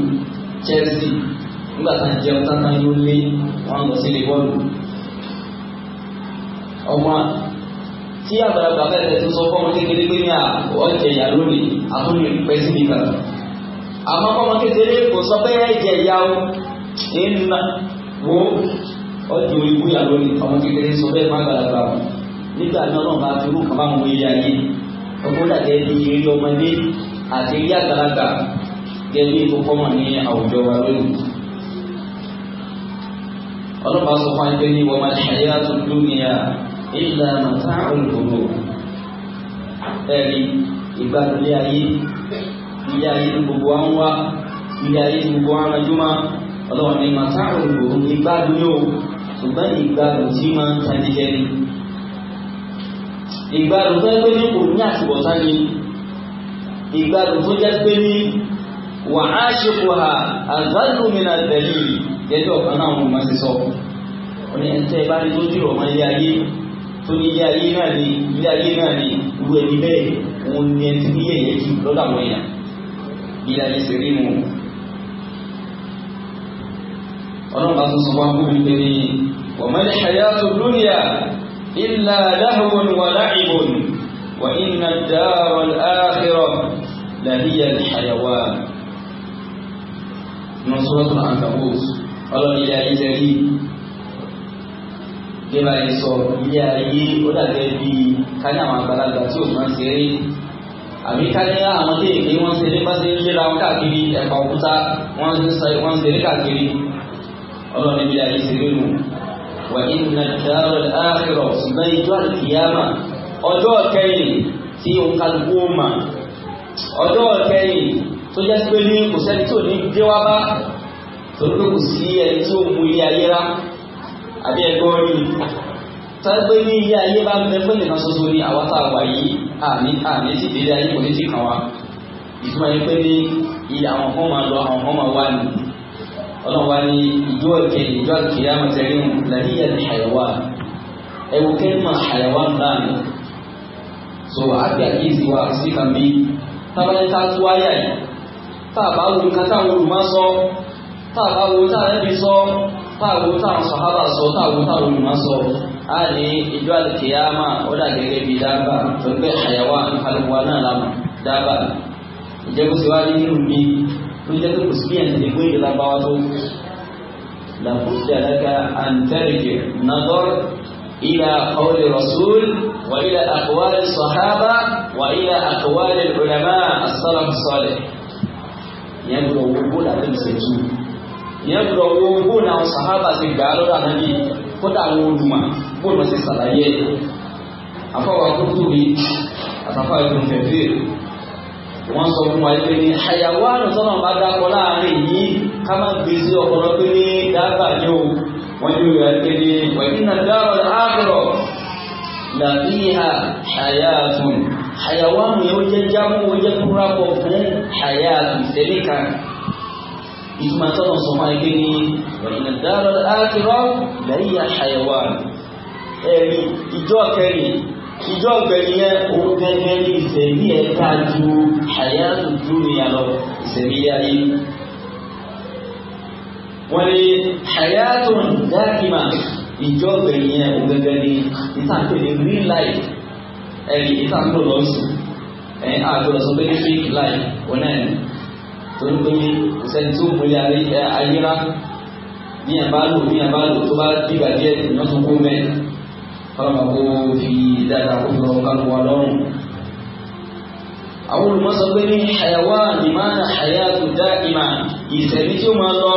Chelsea nígbà tá à ń jẹun tátà yóò lé wọn lọ sí ilé bọ́ọ̀lù ọmọ tí àgbàlagbà bẹ̀rẹ̀ tó sọ fọ́mọ kékeré pé ní ọ̀jẹ̀ ìyá lónìí àtúnyẹ̀ pẹ́ sí nígbà àmọ́ fọ́mọ kékeré kò sọ pé ẹ̀jẹ̀ ìyá o ìnà wo ọ̀jẹ̀ òyìnbó ìyá lónìí ọmọ kékeré sọ bẹ́ẹ̀ má gbàlagbà nígbà náà náà bá fi irú kan mú ilé ayé ọmọ dàgẹ́ bí eré ọmọdé àti eré àgbàlagbà gẹ́gẹ́ tó kọ́mọ̀ ní àwùjọ wa lónìí. ọlọ́pàá sọ fún ẹgbẹ́ ní wọ́n máa ṣàyẹ́ àtúndú ní à ìlà màtá olùkòrò ẹ̀rí ìgbàlódé ayé ilé ayé ní gbogbo wa ń wá ilé ayé ní gbogbo wa ń rajúmọ́ ọlọ́wọ́n ní màtá olùkòrò ìgbàdùn yóò ṣùgbọ́n ìgbàdùn tí máa ń tani jẹ́ ni tó ẹgbẹ́ kò ní àtìbọ̀tá ni ìgbàdùn tó jẹ́ wà á ṣe kó ha àgbàlùmínà tẹ̀lé gẹ́gẹ́ ọ̀kan náà wọn máa ṣe sọ wọn ni ẹ̀ńtẹ́ bá ní tó dìrọ̀ ọmọ ilé ayé tó ní ilé ayé náà ni ilé ayé náà ni irú ẹni bẹ́ẹ̀ òun ni ẹni tí yẹ̀yẹ́ jù lọ́dọ̀ àwọn èèyàn ilé ayé ṣe rí mu ọlọ́run bá tún sọ wá fún mi pé ní wọ̀mọ́lẹ́ ṣayá tó dúnìyà ilà dáhùn wà láìbòn wà ìnà dáhùn áhìrọ̀ làbíyà ìṣàyàwó àmì ní sọ́ọ̀tún àǹkàbọ̀t ọlọ́run ilé ayé tẹ́ rí bí bá yẹn sọ ilé ayé ó dàgẹ́ bí káyọ̀ àwọn àgbàlagbà tí òun máa ń ṣe eré àbí káyọ̀ àwọn kéèké wọ́n ṣe eré bá ṣe ń léra wọn káàkiri ẹ̀pà òkúta wọ́n ń ṣe eré káàkiri ọlọ́run ilé ayé ṣe eré nù wà nínú dáàrọ̀ àkìrọ̀ ṣùgbọ́n ìjọ àkìyàmà ọjọ́ kẹ́yìn tí òun kálukú ó mà ọjọ́ kẹ́yìn tó jẹ́ pé ní kò sẹ́ni tó ní gbé wá bá torí pé kò sí ẹni tó mú ilé ayé rá àbí ẹgbẹ́ orí tọ́gbé ní ilé ayé bá ń bẹ fún ìlànà ṣoṣo ní àwọn tá a wà yìí àmì àmì sí ìdílé ayé kò ní sí kan wa ìtumọ̀ ni pé ní iye àwọn kan máa lọ àwọn kan máa wá ní ọlọ́run wá ní ìjọ ìkẹ ìjọ ìkẹyà mọ̀tẹ́rìn làníyà ní àyẹ̀wò ẹ̀wù kẹ́mọ̀ àyẹ̀wò láàánú so àgbà yìí ti wá sí kan tábàlẹ́ta tó wáyà yìí tàbá wo nǹkan táwọn olùmọ́ sọ tàbá wo táwọn ẹbí sọ tàbá wo táwọn sàhábà sọ tàbá wo táwọn olùmọ́ sọ a ní ìjọ àlùkìyàmà ó dà gẹ́gẹ́ bí dábà tó ń gbé àyàwó àlùkò náà lámà dábà ìjẹ́kùsí wa ní nínú mi tó jẹ́ pé kò sí bí ẹni ìgbé ìlà bá wa tó لابد لك أن ترجع نظر إلى قول الرسول وإلى أقوال الصحابة وإلى أقوال العلماء السلف الصالح ìyẹn gbọ́dọ̀ wo bó làbẹ́ ìṣẹ́ tú ìyẹn gbọ́dọ̀ wo bó làwọn sàhábà ti gbà á lọ́dọ̀ ànábì kódà àwọn olùmọ̀ bó lọ sí sàlàyé afọwọ́ akótóbi àtàfà ìdùn fẹ̀fẹ́ wọ́n sọ fún wa pé ní àyàwó àrùn sọ́nà bá dákọ̀ láàrin yìí ká má gbé sí ọpọlọ pé ní dábà ní o wọ́n ní ìwé pé ní wọ́n ní nàdárọ̀ àbúrò làbíyà àyà àyàwó yẹn ó jẹ́ jámú ó jẹ́ kúrápọ̀ fún àyà ìtẹ́lẹ̀ kan ìtumọ̀ tọ́nà sọ máa gbé ní ọ̀yìn dára ákìrọ̀ lẹ́yìn àyàwó ẹ̀rí ìjọ kẹrin ìjọ ọ̀gbẹ̀ni yẹn òun gẹ́gẹ́ ní ìsẹ̀mí ẹ̀ ká ju àyà tuntun ní àlọ́ ìsẹ̀mí ayé wọ́n ní àyà tó ń dákìmà ìjọ ọ̀gbẹ̀ni yẹn òun gẹ́gẹ́ ní ìtàkùn real life ẹ̀rí ìtàkùn lọ́sùn ẹ̀yìn àgbọ̀dọ̀ sọ pé fake line wọn náà ni torí pé kò sẹ́ni tó múlẹ̀ ayéra ní àbálò ní àbálò tó bá dìgbà díẹ̀ ìyàn tó kó mẹ́rin fọlọ́mà kó fi dáadáa kó fi ọkàn wà lọ́rùn. àwọn olùmọ̀sọ pé ní ṣàyẹ̀wá nìmánà hayatu da'ima ìṣẹ̀lí tí ó máa lọ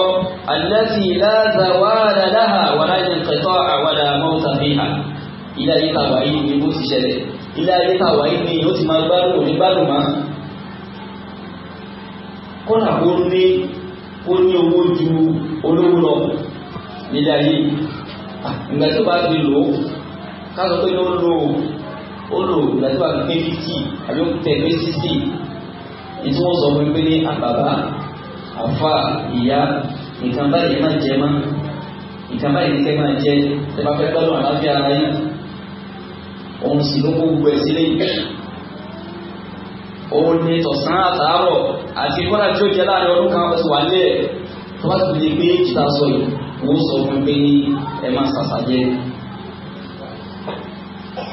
allati la zawala laha wala inqita' wala mawta fiha ilé ayé tàbí ayé ni bó ti ṣẹlẹ̀ ilé ayé tàwa yìí ni yóò ti máa gbádùn òní gbádùn má kọ́nà kó ní kó ní owó ju olówó lọ nílé ayé ìgbà tó bá ti lò ó káàtó pé ó lò ó lò ìgbà tó bá ti pé fifty àbí ó tẹ̀ pé sixty ìtí wọ́n sọ wípé ní àbàbà àfa ìyá nǹkan báyìí máa jẹ má nǹkan báyìí nìkẹ́ máa jẹ tẹ́ bá fẹ́ gbádùn àlàáfíà ara yìí. òun sì ló gbogbo sílé ni tọ̀sán àtàárọ̀ àti kọ́nà tí ó jẹ́ láàrin ọdún kan ọ̀sẹ̀ wà nílẹ̀ tó bá ti di gbé jìtá sọ yìí wọ́n sọ fún pé ẹ máa ṣàṣàjẹ́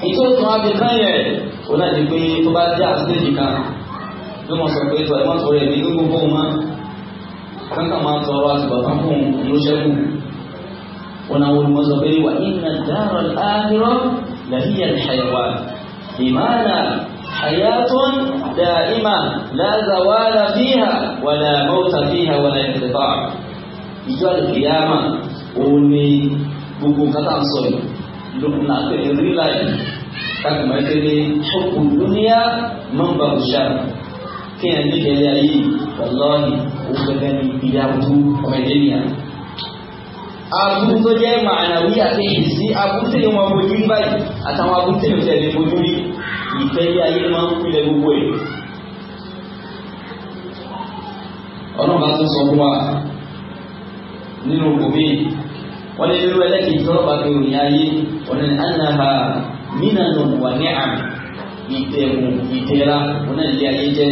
ìtòsùn abìkan yẹ òun náà ti pé tó bá jẹ́ àtúndéjì kan ló mọ̀ sọ pé tó ẹ̀ mọ́ tó rẹ̀ ní gbogbo ọmọ kankan máa tọrọ àti bàbá نبيا حيوان لمعنى حياة دائمة لا زوال فيها ولا موت فيها ولا انقطاع إجوا القيامة أولي بقو قطعن صوي لقنا قيري لاي كما يتري حب الدنيا من بغشان كان يجي لأي والله أخذني بيابتو ومدنيا aburú tó jẹ́ màánàwí àti ìsí aburú tí wọ́n bojú rí báyìí àtàwọn aburú tí wọ́n tẹ̀lé bojú rí ìfẹ́ yí ayé máa ń pilẹ̀ gbogbo ẹ̀. ọlọ́run bá tún sọ fún wa nínú gòmí wọ́n lé lórí ẹlẹ́kìí tó lọ́ba tó rìn ayé wọ́n ní mínà nù wà ní àmì ìtẹ̀mù ìtẹ̀ra wọ́n náà ayé jẹ́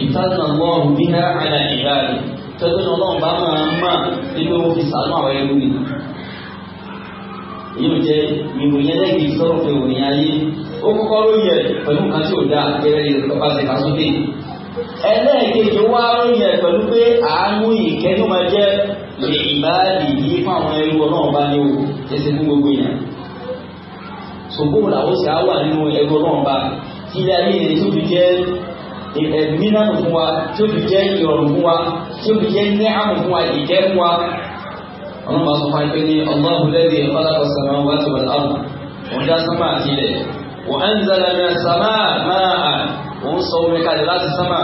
ìtàkùn náà àlà ìbáraẹ̀ tẹ́gbẹ́ náà ọlọ́run bá máa ń mà nínú òfin sàánú àwọn ẹrú ni èyí ò jẹ́ ìròyìn ẹlẹ́gbẹ̀ẹ́ sọ̀rọ̀ pé òrìn ayé ó kọ́kọ́ ló yẹ pẹ̀lú nǹkan tí ò dáa gẹ́gẹ́ ìrọ̀lọ́pàá ti ká sókè ẹlẹ́ẹ̀kejì wá lóyìn ẹ̀ pẹ̀lú pé àánú ìkẹ́ tó máa jẹ́ lè ìbáàdì yìí fún àwọn ẹrú ọlọ́run bá ní o ẹsẹ̀ fún gbogbo èèyàn ṣùgbọ́n làwọn sì á wà nínú ẹrú ọlọ́run bá kí ilé ayé ìrètí òbí jẹ́ ẹ̀mí náà fún wa tí ó fi jẹ́ ìrọ̀rùn fún wa tí ó fi jẹ́ ní àmọ̀ fún wa ìjẹ́ fún wa. ọlọ́run bá sọ fún ẹgbẹ́ ní ọlọ́run lẹ́dí ọlọ́run sọ̀rọ̀ wá ti wọ̀lá ọ̀hún òun dá sánmà àti ilẹ̀ wọ́n ń zara ní sàmà máa à òun sọ omi kalẹ̀ láti sánmà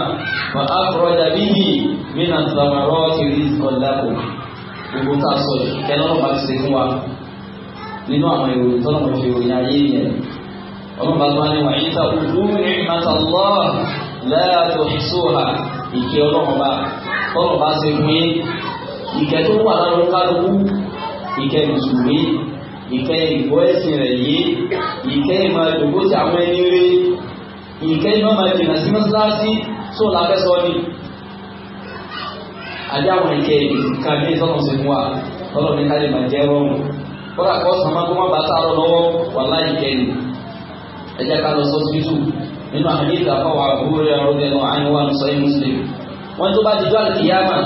wọ́n á kọ́rọ̀ dàbí yìí mí nà ti rí ọ̀làkù gbogbo tá a sọ yìí kẹ́ lọ́run bá ti ṣe fún wa láàtò ṣòhà ìkẹ́ ọlọ́mọba ọlọ́mọba ṣe fún yín ìkẹ́ tó wà lọ́rùn kálukú ìkẹ́ mùsùlùmí ìkẹ́ ìgbọ́ ẹ̀sìn rẹ̀ yìí ìkẹ́ ìmọ̀ ìdògbò tí àwọn ẹni rí ìkẹ́ ìmọ̀ máa jìnà sí mọ́sálásí tó lábẹ́ sọ ni ajáwọn ìkẹ́ ìkà ní ìtọ́nà sí fún wa tọ́lọ́ ní kálí máa jẹ́ rọrùn kọ́dà kọ́ sàmá kó má bàtà lọ́wọ́ wà láì kẹ́ni ẹ̀jẹ̀ ká lọ sọ́sibítù nínú àmìlíkà fọwọ́ àbúrò ọ̀rọ̀ ẹnu àyẹ̀wò àmì muslim wọ́n tó bá di jọ́ àkìyàmà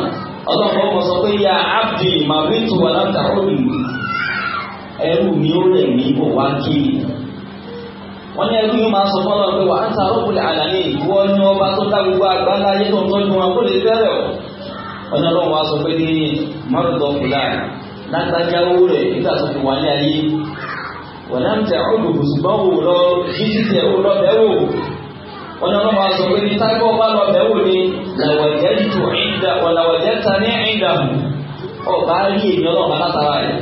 ọlọ́run ọmọ sọ pé ya abdi ma wà láta omi ẹrú mi ó rẹ̀ mí kò wá kiri wọ́n ní ẹrú yìí máa sọ fọ́nà pé wà á ta rọ́pùlẹ̀ àlàní ìwọ ní ọba tó dá gbogbo àgbáńlá ayé tó ń tọ́jú wọn kó lè fẹ́rẹ̀ ọ́ wa sọ pé ní mọ́tò fúlà wọn náà wà sọ pé ní táìpọ̀ bá lọ bẹ̀wò ni làwọ̀jẹ́ ju ìdá ọ̀làwọ̀jẹ́ ta ní ìdá mu ọba rí èmi ọlọ́ọ̀bá látara rẹ̀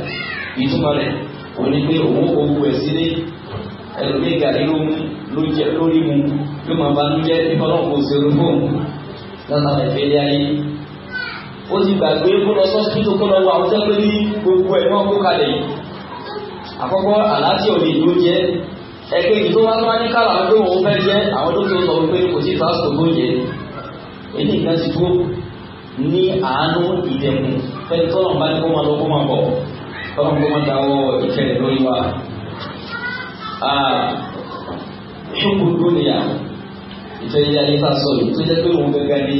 ìtumọ̀ rẹ̀ ò ní pé òun owó ẹ̀ sílé ẹlòmíì gàrí ló mú ló jẹ lórí mu yóò máa bá lójẹ nípa náà kò ṣe orúkọ látara ìfẹ́ ilé ayé ó ti gbàgbé kó lọ sọ́sí kó lọ wọ àwọn tẹ́lẹ̀ ní gbogbo ẹ̀ wọ́n kó kalẹ̀ àkọ́kọ́ àlàáfíà òde ìlú jẹ́ ẹ̀kejì tó wá tó wá ní kálà ọdún òun fẹ́ jẹ́ àwọn dókítà sọ pé kò sí fásitì olóye èyí nǹkan ti tó ní àánú ìdẹ̀kùn fẹ́ni tọ́lọ̀ bá ní kó máa lọ kó máa bọ̀ tọ́lọ̀ kó máa dáwọ́ ìfẹ́ lórí wa. ṣùkú dúnìyà ìfẹ́ ilé ayé tá a sọ yìí tó jẹ́ pé òun gẹ́gẹ́ ní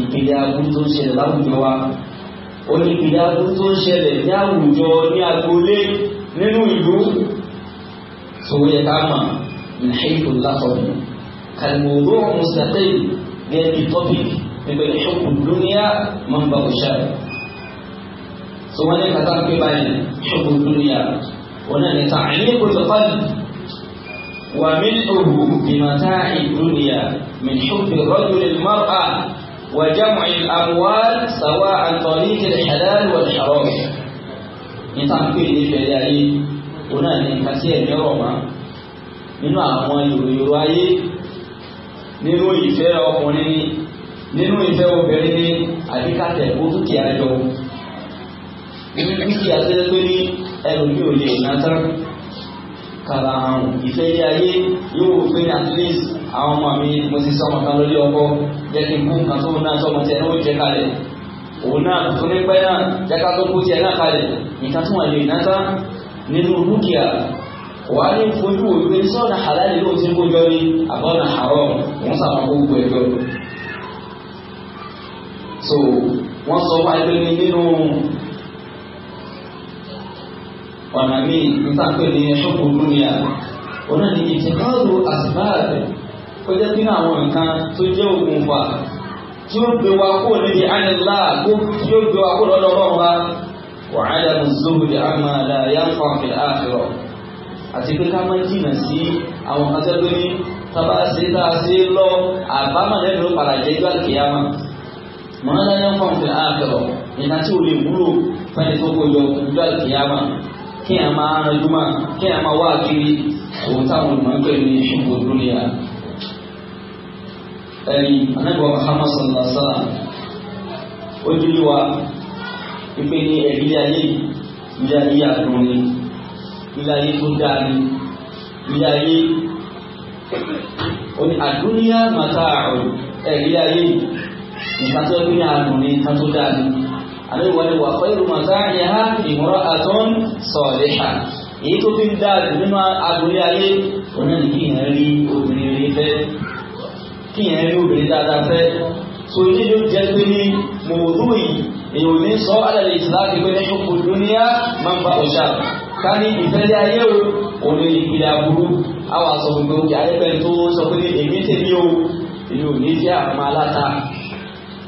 ìpele aburú tó ń ṣẹlẹ̀ láwùjọ wa ó ní ìpele aburú tó ń ṣẹlẹ̀ ní àwùjọ ní agboolé nínú ìlú فهو يتعمى من حيث اللفظ كالموضوع مستقل غير التوبيك بين حب الدنيا منبع الشر ثم نتعلم بين حب الدنيا ونحن تعليق القلب وملئه بمتاع الدنيا من حب الرجل المرأة وجمع الأموال سواء عن طريق الحلال والحرام. نتعلم في ذلك òun náà ní nǹkan tí ẹ̀mí ọ̀rọ̀ mọ́ nínú àwọn yòròyòrò ayé nínú ìfẹ́ ọkùnrin ni nínú ìfẹ́ obìnrin ni àbíkàtẹ̀ ó dúkìá jọ inú dúkìá tó pé ní ẹlòmí ò lè ná tán kàrà àrùn ìfẹ́ ilé ayé yóò pé ní at least àwọn ọmọ mi mo ti sọmọ kan lórí ọkọ jẹ́ kí n kú nǹkan tó náà sọmọ tiẹ̀ náà ó jẹ kalẹ̀ òun náà tó ní pẹ́ náà jẹ́ ká tó kú tiẹ̀ náà kalẹ̀ nǹkan tó wà lè ná tán nínú dúkìá wà á ní fojú òwe sọ́nà àlàyé ló ti ń kójọ ní àbọ̀nà àárọ̀ wọ́n sábà kó gbogbo ẹjọ́. so wọ́n sọ wá ẹgbẹ́ ní nínú ọ̀nà míì nítàpẹ́ ní ṣọ́kù dúnìá ọ̀nà ní ìtẹ̀kọ́rù àsìbáàbẹ̀ ó jẹ́ pé àwọn nǹkan tó jẹ́ òkùnfà tí ó gbé wa kó níbi ànilá tí ó gbé wa kó lọ́dọ̀ ọlọ́run wa وعدم الزهد عما لا ينفع في الآخرة àti pé ká máa jìnnà sí àwọn kan tẹ́lú ní ta ṣe tá a ṣe lọ àbámọ̀ lẹ́nu ló padà jẹ́ ìgbà kìyàmá màá dáná fún àwọn àkẹrọ ìta tí ò lè wúlò ki tó kọjọ ìgbà kìyàmá kí a máa ránjú máa kiri òun táwọn olùmọ̀ọ́gbẹ́ ní ṣùkò dúnìyà. ẹ̀yìn anábìwọ̀n Muhammad sallallahu alaihi wa wa wípé ní ẹ̀rílẹ̀ ayé ilé ayé àtúrò ni ilé ayé tó dáa ni ilé ayé oní àdúnyá màtá àrùn ẹ̀rílẹ̀ ayé nǹkan tó ní àrùn ni nǹkan tó dáa ni àdéhùn wani wà fẹ́ ìrùmọ̀ sáàyè ha ìmọ̀ràn àtọ́n sọ̀rọ̀ ha èyí tó fi ń dáa nínú agbolé ayé òun ní kí rí obìnrin rí fẹ́ kí rí obìnrin dáadáa fẹ́ so ilé yóò jẹ́ pé ní mòwòrú yìí èyí ò ní sọ alẹ́ ìsìláàkì pé ní kò dúníà máa ń bá ọ̀ṣà ká ní ìfẹ́lẹ́ ayé o ò ní ìpìlẹ̀ àbúrú àwọn àṣọ gbogbo òkè ayẹ́pẹ́ tó sọ pé ní èmi tèmi o èmi ò ní jẹ́ àwọn aláta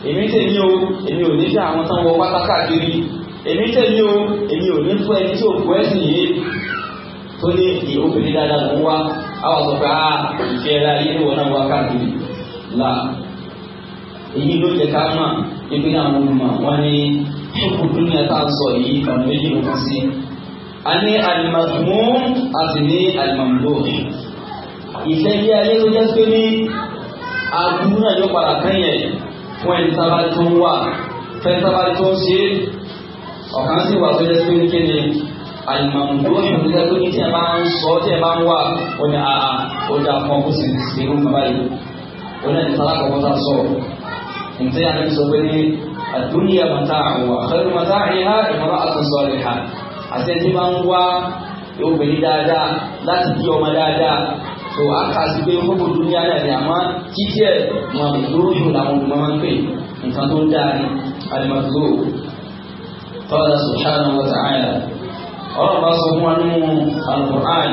èmi tèmi o èmi ò ní jẹ́ àwọn tán wọ pátá káàkiri èmi tèmi o èmi ò ní fún ẹni tí ò kú ẹ̀sìn yìí tó ní ìhóbìnrin dáadáa ló wá àwọn àṣọ pé ah ìfẹ́ ayé wọn náà wá káàkiri èyí ló jẹ ká mà níbi àwọn olùmọ̀ wọn ní ṣùkú dúnìá tá a sọ yìí kàn méjì ló kàn sí. a ní alimọ̀tòmọ́ a sì ní alimọ̀mọ́lò. ìfẹ́ bí ayé ló jẹ́ pé ní aburú náà yóò padà kẹ́yẹ̀ fún ẹni sábà tó ń wà fẹ́ sábà tó ń ṣe ọ̀kan sì wà tó jẹ́ pé kéde alimọ̀mọ́lò yóò jẹ́ pé ní tí ẹ bá ń sọ tí ẹ bá ń wà ó ní àà ó dà fún ọkùnrin sí irú bàbá ó ní ẹni sábà kọ̀ọ̀kan sọ̀rọ̀ nítorí àti sọ pé ní àdúnyà mata àwọn àkọlù mata àyíká ìmọ̀ràn àtúnṣọ rẹ̀ ha àti ẹni máa ń wá obìnrin dáadáa láti bí ọmọ dáadáa tó a kà sí pé gbogbo dúnyà náà ni àmọ́ títí ẹ̀ wọn lórí ìlú làwọn olùmọ̀ máa ń pè nǹkan tó ń dáa ni alimọ̀tò qala subhanahu wa ta'ala ọ̀rọ̀ bá sọ fún wa nínú alukur'an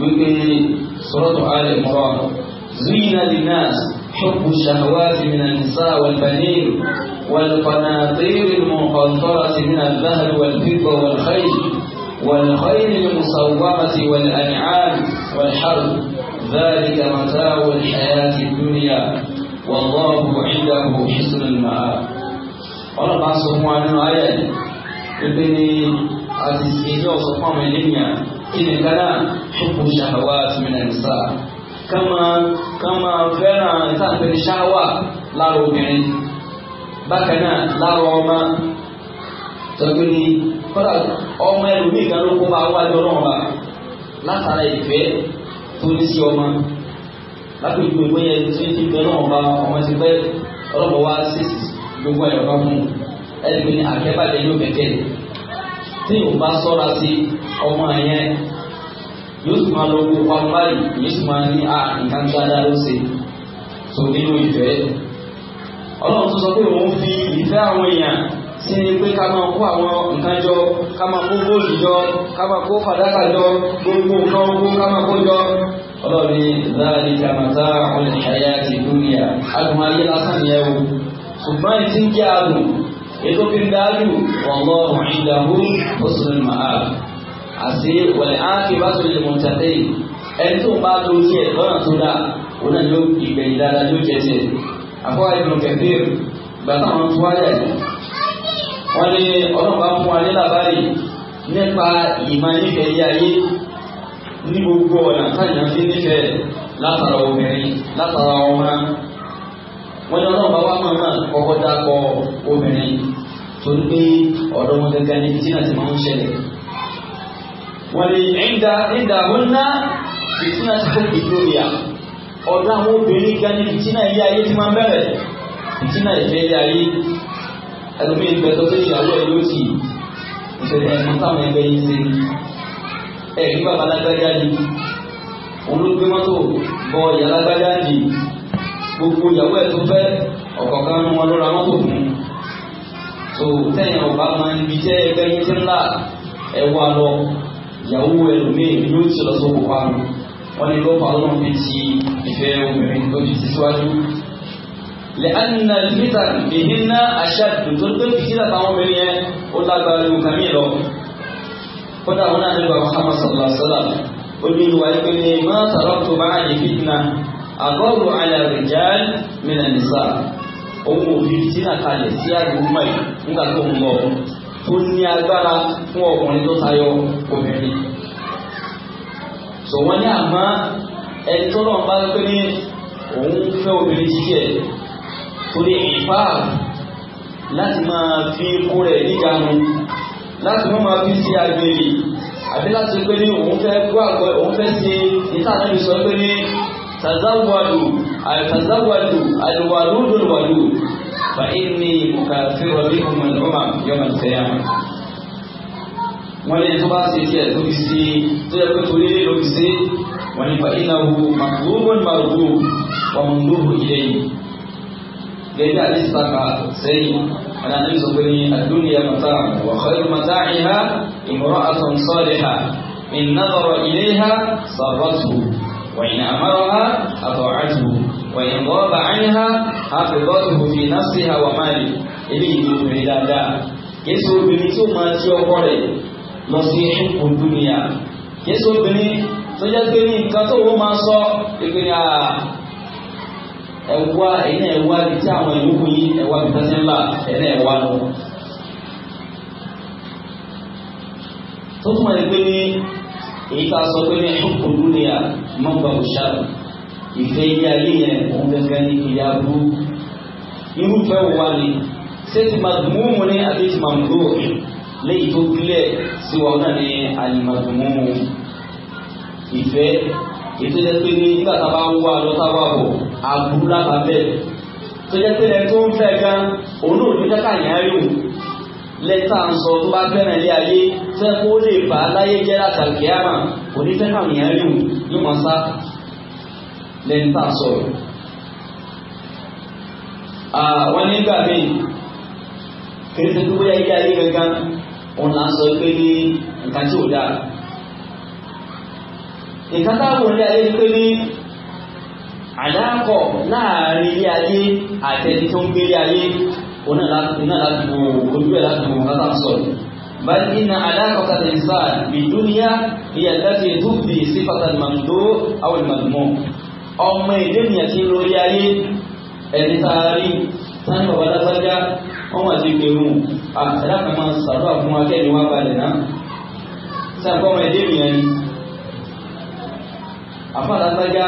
wípé suratu Al Imran zuyina linnas حب الشهوات من النساء والبنين والقناطير المقنطرة من الذهب والفضة والخيل والخيل المصومة والأنعام والحرب ذلك متاع الحياة الدنيا والله عنده حسن المآب قال الله سبحانه وتعالى ابني عزيز إيجو سبحانه وتعالى إن كان حب الشهوات من النساء kán máa fẹ́ràn ìtàǹfẹ́ ṣáwà lára obìnrin bákan náà lára ọmọ tọ́jú ni kọ́dà ọmọ ẹlòmíì kan ló kó máa wájú ọlọ́run bá látara ìfẹ́ tó ní sí ọmọ lápèjú ìwé yẹn tó ti bẹ náà ọba ọmọ ti pẹ́ ọlọ́pàá wá sí gbogbo ẹ̀rọ bá fún un ẹni pé ní àkẹ́bàdé yóò bẹ̀kẹ́ tí yóò bá sọ́ra sí ọmọ yẹn yóò sì máa lọ gbogbo apá yìí yóò sì máa ní ah, nǹkan dáadáa ló ṣe tó nínú ìfẹ́ ọlọ́run tó sọ pé òun fi ìfẹ́ àwọn èèyàn sí ni pé ká máa kó àwọn nǹkan jọ ká máa kó góòlù jọ ká máa kó fàdákà jọ gbogbo nǹkan ogun ká máa kó jọ ọlọ́run ní láàrin kàmátà ọ̀lẹ̀ àyà ti dúnìyà adùn ayé lásán yẹn o ṣùgbọ́n ìtí ń jẹ́ àdùn ètò fi ń dájú ọlọ́run ìdààmú ó sì àti wọ̀lẹ̀ áńkì bá tó lè mọ̀tàdé ẹni tó bá tó jẹ́ lọ́nà tó dá òun náà yóò ìgbẹ̀yìn dáadáa yóò jẹ́ jẹ́ àfọwọ́ ìlú kẹfíìr gbàtà wọn tó wáyà yìí wọ́n ní ọlọ́run bá fún wa ní làbárì nípa ìmọ̀ nífẹ̀ẹ́ ilé ayé ní gbogbo ọ̀nà táyà fi nífẹ̀ẹ́ látara obìnrin látara ọmọ wọn ní ọlọ́run bá wà máa máa kọ́kọ́ dákọ̀ obìnrin torí pé ọ̀dọ́ wọn gẹ́gẹ́ ní fìtínà ti máa ń ṣẹlẹ̀ وعندهن فتنة الدنيا ọ̀dọ̀ àwọn obìnrin gan ni fìtínà ilé ayé tí máa bẹ̀rẹ̀ fìtínà ìfẹ́ ilé ayé ẹlòmíín bẹ tó ìyàwó ẹ̀ yóò sì ìṣẹ̀lẹ̀ ẹ̀mí táwọn ẹgbẹ́ yìí ṣe ẹ̀rí bàbá ni bọ ìyá ni gbogbo ìyàwó ẹ̀ tó fẹ́ ọ̀kọ̀ọ̀kan wọn so tẹ́yìn ọ̀bá máa ń bi ìyàwó ẹlòmíì yóò ti lọ sóko pa wọn ni lọ́pàá lọ́nà fi ti ìfẹ́ obìnrin tó ti síwájú. lẹ́ẹ̀nà mítà ìhín ná àṣà tó tó fìdí àtàwọn obìnrin yẹn ó lágbára ju kàmí lọ. kódà wọn náà nígbà Muhammad sallallahu alaihi wa sallam ó ní ìwà ìpínlẹ̀ máa sàrọ̀ tó bá àyè fitna àgọ́rù àlẹ́ rìjáàl mìíràn nìsà òun ò fi fìdí àkàlẹ̀ sí àgbọ̀n mọ́ ó ní agbára fún ọkùnrin tó tayọ obìnrin sọ wọn ní àmọ́ ẹni tó náà bá pé ní òun fẹ́ obìnrin jíjẹ torí ìfá láti máa fi kó rẹ̀ níjànú láti mọ́ máa fi sí agbèrè àbí láti pé ní òun fẹ́ gbọ́ àgbẹ̀ òun fẹ́ ṣe ìtànàbí sọ pé ní tazawadu àìtazawadu àìwàlúdòlùwàlù فإني مكافر بكم الأمم يوم القيامة wọ́n lè tó bá ṣe tí ẹ̀ tó fi sí tó yẹ pé torí lè ló fi sí wọ́n ní fa iná wu màgbóhùn màgbóhùn ọ̀mùlóhùn ilé yìí gẹ́gẹ́ àti sẹ́yìn wọn àti sọ pé ní àdúnyà mata wà kọ́lù mata ìhá ìmọ̀ràn àtàn sọ́ọ̀lẹ̀ ha ìnáwọ̀rọ̀ ilé ha sàrọ̀tù wà ìnà àmàrọ̀ ha àtọ̀ àjù wọ̀nyẹn bọ́ bá a yín ha àfẹ́bọ́sù òfin náà sí àwọn máa lè eléyìí ló bèrè dáadáa yéésù obìnrin tí ó máa ti ọkọ rẹ̀ lọ sí ẹ̀kọ́ dúnìyà yéésù obìnrin tó jẹ́ pé ní nǹkan tó wọ́n máa sọ ìpínlẹ̀ àà ẹwà ẹ̀yìn ẹwà bí tí àwọn ìlúkù yìí ẹwà bí tẹ́sí ńlá ẹ̀yìn ẹwà lọ. tó túmọ̀ ní pé ní èyí ká sọ pé ní ẹ̀kọ́ dúnìyà mọ́gbà Ife ilé ayé yẹn òun gẹ́gẹ́ ní ìyá bú irúfẹ́ wo wá ni ṣé ti màdùmúmù ní àti ti màmúrò léyìí tó gbilẹ̀ sí wa náà ní àlìmàdùmúmù ìfẹ́ ètò jẹ́ pé ní nígbà tá a bá wá lọ tá a bá bọ̀ àbúrú lábà bẹ́ẹ̀ tó jẹ́ pé ẹni tó ń fẹ́ gan òun ò ní kẹ́kà yẹn rí òun lẹ́tà ń sọ tó bá fẹ́ràn ilé ayé fẹ́ kó lè bá láyé jẹ́ látàkì àmà kò ní fẹ́ràn yẹn rí mọ̀ sá lẹ́yìn tá a sọ̀rọ̀. wọ́n nígbà míì kìí ṣe tó bóyá ilé ayé gangan òun là ń sọ pé ní nǹkan tí ò dáa. nǹkan táwọn ilé ayé pé ní àdáàkọ̀ láàrin ilé ayé àtẹni tó ń gbé ilé ayé òun náà láti wo ojú ẹ̀ láti wo nǹkan tá a sọ̀rọ̀. بل إن علاقة الإنسان بالدنيا هي التي تبدي صفة الممدوح أو المذموم ọmọ èdè ènìyàn ti lórí ayé ẹni sáárí sáni bàbá lásánjá wọn wà sí gbèrú àtàlà kan máa sàdúrà fún wa wá balẹ̀ náà sáàpá ọmọ èdè ènìyàn ni àfa lásánjá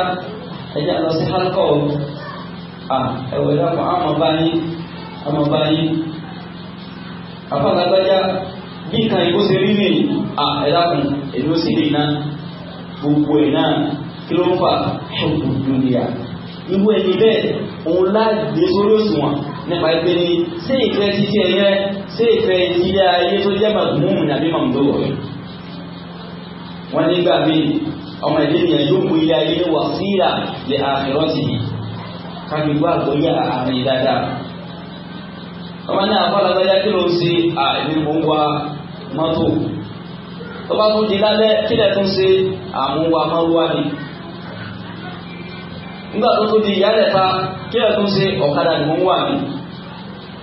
ẹjẹ lọ sí hálkọ ẹwẹ dàpọ̀ àmọ̀ báyìí àmọ̀ báyìí àfa lásánjá bí kan ìbó ṣe rí nìyí ẹ̀dàkùn èdè ó sì rí iná gbogbo ẹ̀ náà kí ló ń fa ṣùgbọ́n dúnìyà irú ẹni bẹ́ẹ̀ òun láàgbé sórí òṣùwọ̀n nípa ẹgbẹ́ ni ṣé ìfẹ́ títí ẹ̀yẹ ṣé ìfẹ́ ilé ayé tó jẹ́ màgbóhùn ní àbímọ̀ tó wọ̀ wọ́n nígbà míì ọmọ ẹ̀dẹ́ nìyẹn yóò mú ilé ayé wà síra lè àfẹ́rọ́tì yìí káfí gbọ́ àgbóyà àárín dáadáa ọmọ náà fọlágbájá kí ló ń ṣe àìní mò ń wa mọ́tò tó bá tún di lálẹ́ kílẹ̀ tún ṣe àmúwa mọ́rúwá ni nígbà tó tó di ìyálẹ̀ta kí ẹ̀ tó ṣe ọ̀kadà ni mo ń wà mí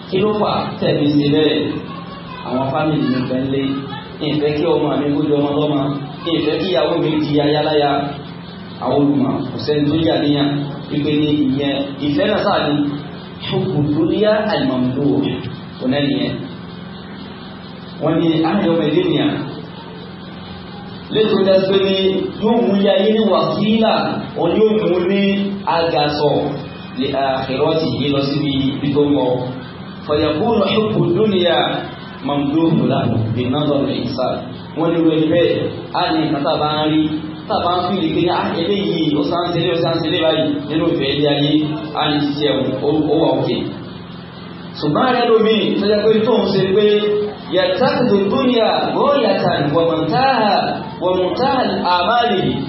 kí ló fà tẹ̀mí ṣe bẹ́ẹ̀ àwọn fámìlì mi fẹ́ lé ìfẹ́ kí ọmọ mi kó di ọmọ lọ́mọ ìfẹ́ kí ìyàwó mi di ayáláyà àwọn olùmọ̀ kò sẹ́ni tó yà níyàn ìpè ní ìyẹn ìfẹ́ náà sáà ni ṣùkùn tó yá àlùmọ̀mọ́dó òun náà nìyẹn wọ́n ní àyọ̀mọ̀ lẹ́tọ̀ọ́ lẹ́sẹ̀ ni yóò mú ya yé ní wàkílà òun yóò mú ní agasọ̀ lè àkẹrọ ti yé lọ síbi ìtọ́mọ fọyàkúrò ẹ̀kọ́ dúnìyà mamdóhùlà ìnáwó ìsà wọn ni wọn bẹ́ẹ̀ á ní kàtà bá ń rí tàbá ń fìlì pé ah, eléyìí ó sáńsẹ́lé ó sáńsẹ́lé báyìí nínú ìfẹ́ ilé ayé á ní títí ẹ̀wọ̀n ó òkè ṣùgbọ́n àrẹ lómi tó jẹ́ pé tóun ṣe pé يتخذ الدنيا غاية ومنتهى ومنتهى الآمال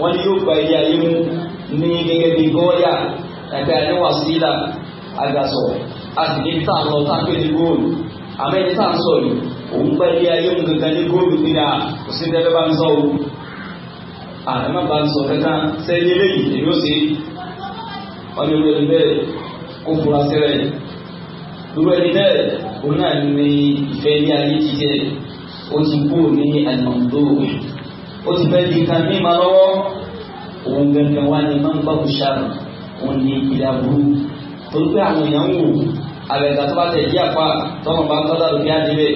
وليبقى يعلم نيجي بغاية أبان وسيلة أجاسو أتنين تانو تاكل الجول أمين تانسوي òun pẹ́ ilé ayé òun gangan ní góòlù nílà kò sí tẹ́lẹ̀ bá ń sọ o àmọ́ bá ń sọ kankan sẹ́yìn eléyìí èyí ó sì wọ́n ní olóyìn bẹ́ẹ̀ kó fura sílẹ̀ yìí irú ẹni bẹ́ẹ̀ òun náà ní ìfẹ́ ní ayé jíjẹ ó ti kú ní àlùmọ̀tò ó ti fẹ́ di kan mímọ lọ́wọ́ òun gẹ́gẹ́ wá ní máa ń gbọ́ kó ṣàrò òun ní ìdá burú torí pé àwọn èèyàn ń wò àbẹ̀gà tó bá tẹ̀ yí àpá tọ́mọ̀ bá tọ́lá lókè àdébẹ̀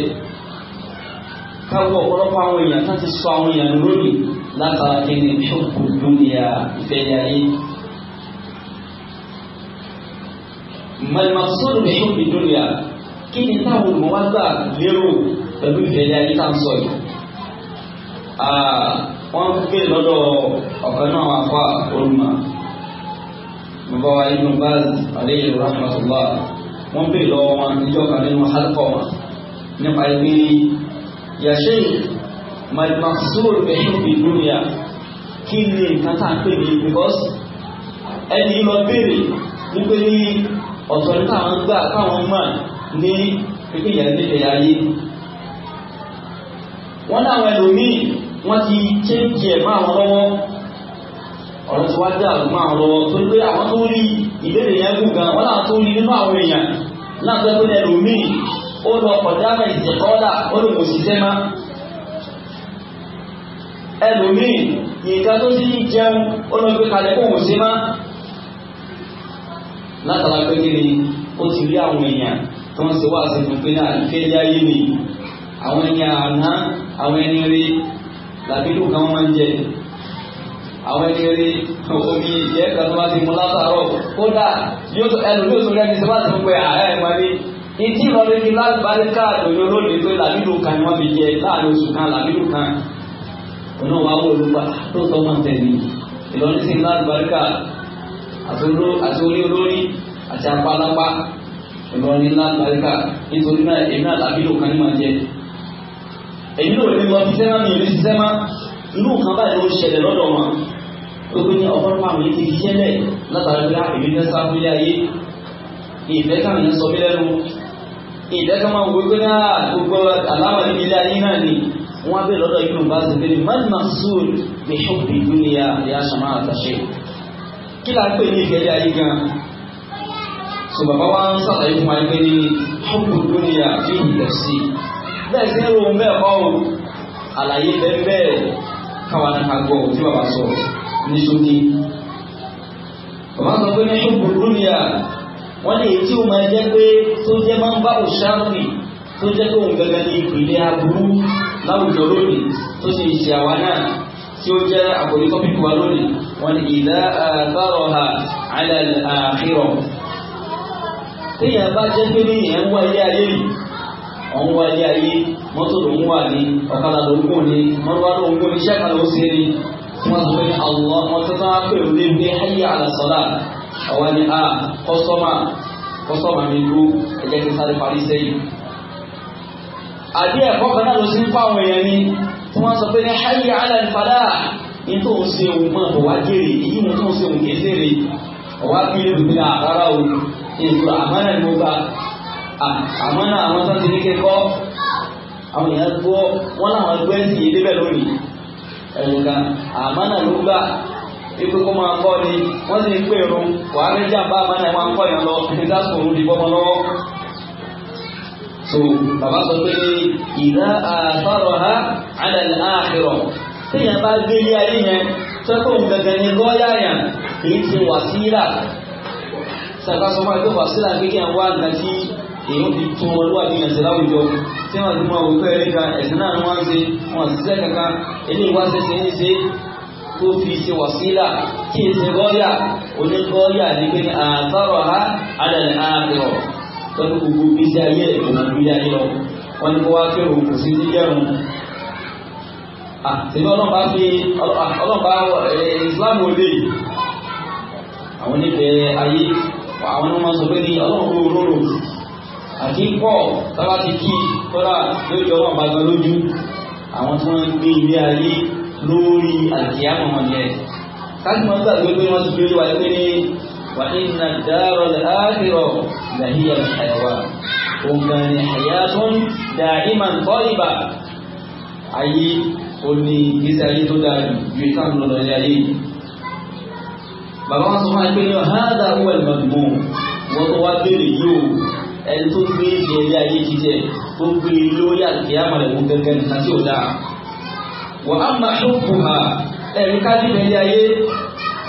káwọ ọ̀pọ̀lọpọ̀ àwọn èèyàn tó ti sọ àwọn èèyàn lónìí látara kí ni ṣòkò lónìí à ìfẹ́ yàrá mọ̀lẹ́mọ̀sọ́dù ní ṣùgbọ́n ìdúnyà kí ni táwọn olùmọ̀wágbà lérò pẹ̀lú ìfẹ̀lẹ́ ayé tá à ń sọ yìí. wọ́n gbé lọ́dọ̀ ọ̀kan náà wà fún olùmọ̀ bàbá wa ibùn baz aleyhi rahmatullah wọ́n gbé lọ́wọ́ wọn níjọ́ kan nínú halkọ́ wọn nípa ibi yàṣẹ́ mọ̀lẹ́mọ̀sọ́dù ní ṣùgbọ́n ìdúnyà kí ni nǹkan tá à ń pè ní because ẹni lọ béèrè wípé ní ọ̀tọ̀ ní káwọn gbà káwọn mọ̀ ní pípín ìyẹn nílẹ̀ ayé wọ́n láwọn ẹlòmíì wọ́n ti chéńjì ẹ̀ máa wọn lọ́wọ́ ọ̀rọ̀ tí wájú àrùn máa wọn lọ́wọ́ tó gbé àwọn tó rí ìbéèrè yẹn gùn gan wọ́n láwọn tó rí nínú àwọn èèyàn náà tó tó ní ẹlòmíì ó lọ kọjá mẹ́ látara pé kí ni ó ti rí àwọn èèyàn tó ń ṣe wá sí fún pé náà ìfẹ́ ilé ayé ni àwọn ẹni àná àwọn ẹni rí làbídùn kan máa ń jẹ àwọn ẹni rí omi ìyẹ́ kan tó bá ti mú látàárọ̀ kódà ẹnu yóò tó rẹ́ni sábà tó ń pẹ́ ààrẹ ìmọ̀lẹ́ ìdí ìrọ̀lẹ́ ní lágbàríkà àtòyó lónìí pé làbídùn kan ni wọ́n fi jẹ láàrin oṣù kan làbídùn kan òun náà wá wò tó tọ́ máa tẹ̀ ní ìlọrin sí lágbàríkà àti orí olórí àti apálápá ìlọrin ńlá àríkà nítorí náà èmi náà làbílò kan ní máa jẹ èmi náà ní wọn ṣiṣẹ́ máa mi ní ṣiṣẹ́ máa inú kan báyìí ló ń ṣẹlẹ̀ lọ́dọ̀ wọn ó pé ní ọgọ́rùn-ún àwọn yìí ti ṣẹlẹ̀ látara pé ah, èmi fẹ́ sá fún ilé ayé ìfẹ́ káwọn yẹn sọ mí lẹ́nu ìfẹ́ ká máa wọ pé náà ah, gbogbo àlámà níbi ilé ayé náà ni wọ́n á bẹ̀ lọ́dọ̀ yìí ló ń bá ṣe pé ní mad kí la ń pè ní ìgbẹ́lẹ̀ ayé gan so bàbá wa ń sàlàyé fún wa pé ní ọkù lónìyà fi ìlẹ̀ sí bẹ́ẹ̀ sí ẹ̀rọ ohun bẹ́ẹ̀ kọ́ àlàyé bẹ́ẹ̀ bẹ́ẹ̀ káwọn àgbọ̀ tí bàbá sọ ní ṣókí bàbá sọ pé ní ọkù lónìyà wọ́n ní tí ó máa jẹ́ pé tó jẹ́ máa ń bá òṣàrùn tó jẹ́ pé òun gẹ́gẹ́ ní ìpìlẹ̀ aburú láwùjọ lónìí tó sì ń àwa náà tí ó jẹ́ àkòrí kọ́pìkì wa lónìí wọn ni ìdá àtàrọ̀ ha alẹ́ àkírọ̀ téèyàn bá jẹ́ pé ní ìyẹn ń wá ilé ayé yìí ọ̀hún wá ilé ayé mọ́tò ló ń wà ní ọ̀kadà ló ń gùn ní mọ́tò ló ń gùn ní iṣẹ́ ló ṣe ní wọ́n sọ pé àwọn ọmọ tó á pè ó ní ayé àlàsọ́lá àwa ni a kọ́sọ́mà kọ́sọ́mà mi dúró ẹ̀jẹ̀ kí sáré parí sẹ́yìn àbí ẹ̀kọ́ kan náà ló ṣe ń fáwọn èèyàn ní wọ́n sọ pé ní ala al-falah ní tó ń wa òun mọ̀ bọ̀ wá jèrè èyí mo tó ń a òun kéṣèrè bí ilé ìdùnnú àkàrà o ètò àmọ́nà ni àmọ́nà àwọn tó ti ní kẹ́kọ́ àwọn èèyàn gbọ́ wọ́n láwọn gbọ́ débẹ̀ lónìí àmọ́nà ikú kó máa kọ́ ni wọ́n sì ń pè wàá àmọ́nà so bàbá sọ pé ìdá àtọ́rọ̀ ha àdàlẹ̀ àkìrọ̀ téèyàn bá gbé ilé ayé yẹn tó kó gẹ́gẹ́ ní lọ́ọ̀yà yẹn kì í ṣe wàsílà sàkà sọ fún àgbẹ̀ wàsílà kékeré àwọn àgbà tí èèyàn fi tún ọlọ́wàbí yẹn sí láwùjọ tí wọ́n ti mọ àwọn òkú ẹ̀rí kan ẹ̀sìn náà ni wọ́n ń ṣe tó fi ṣe wàsílà kí n ṣe gọ́ọ̀yà ní pé àtọ́rọ̀ ha àdàlẹ̀ àkìrọ̀ wọ́n ní gbogbo gbèsè ayé ẹ̀ ló máa ń gbélé ayé lọ wọ́n ní kó wá kí òun kò sí ní jẹun. àtẹ̀lé ọlọ́pàá fi ọlọ́pàá Islam olè àwọn onífẹ̀ẹ́ ayé àwọn ọmọ sọ pé ní ọlọ́pàá olóró àti pọ̀ tábà ti kí kọ́dà lórí ọlọ́pàá gan lójú àwọn tí wọ́n ń gbé ilé ayé lórí àkíyàmọ̀ wọn yẹn. káàkiri wọn gbàgbé pé wọ́n ti gbé wáyé pé ní وإن الدار الآخرة لهي الحيوان ومن حياة دائما طيبة أي قلني إذا تدعي يتم الجليل بابا سبحانه يقول هذا هو المذموم وتوادر يوم ẹni tó gbé ilé ayé jíjẹ tó gbé lórí àkíyàmọ̀ rẹ̀ mú gẹ́gẹ́ nìkan tí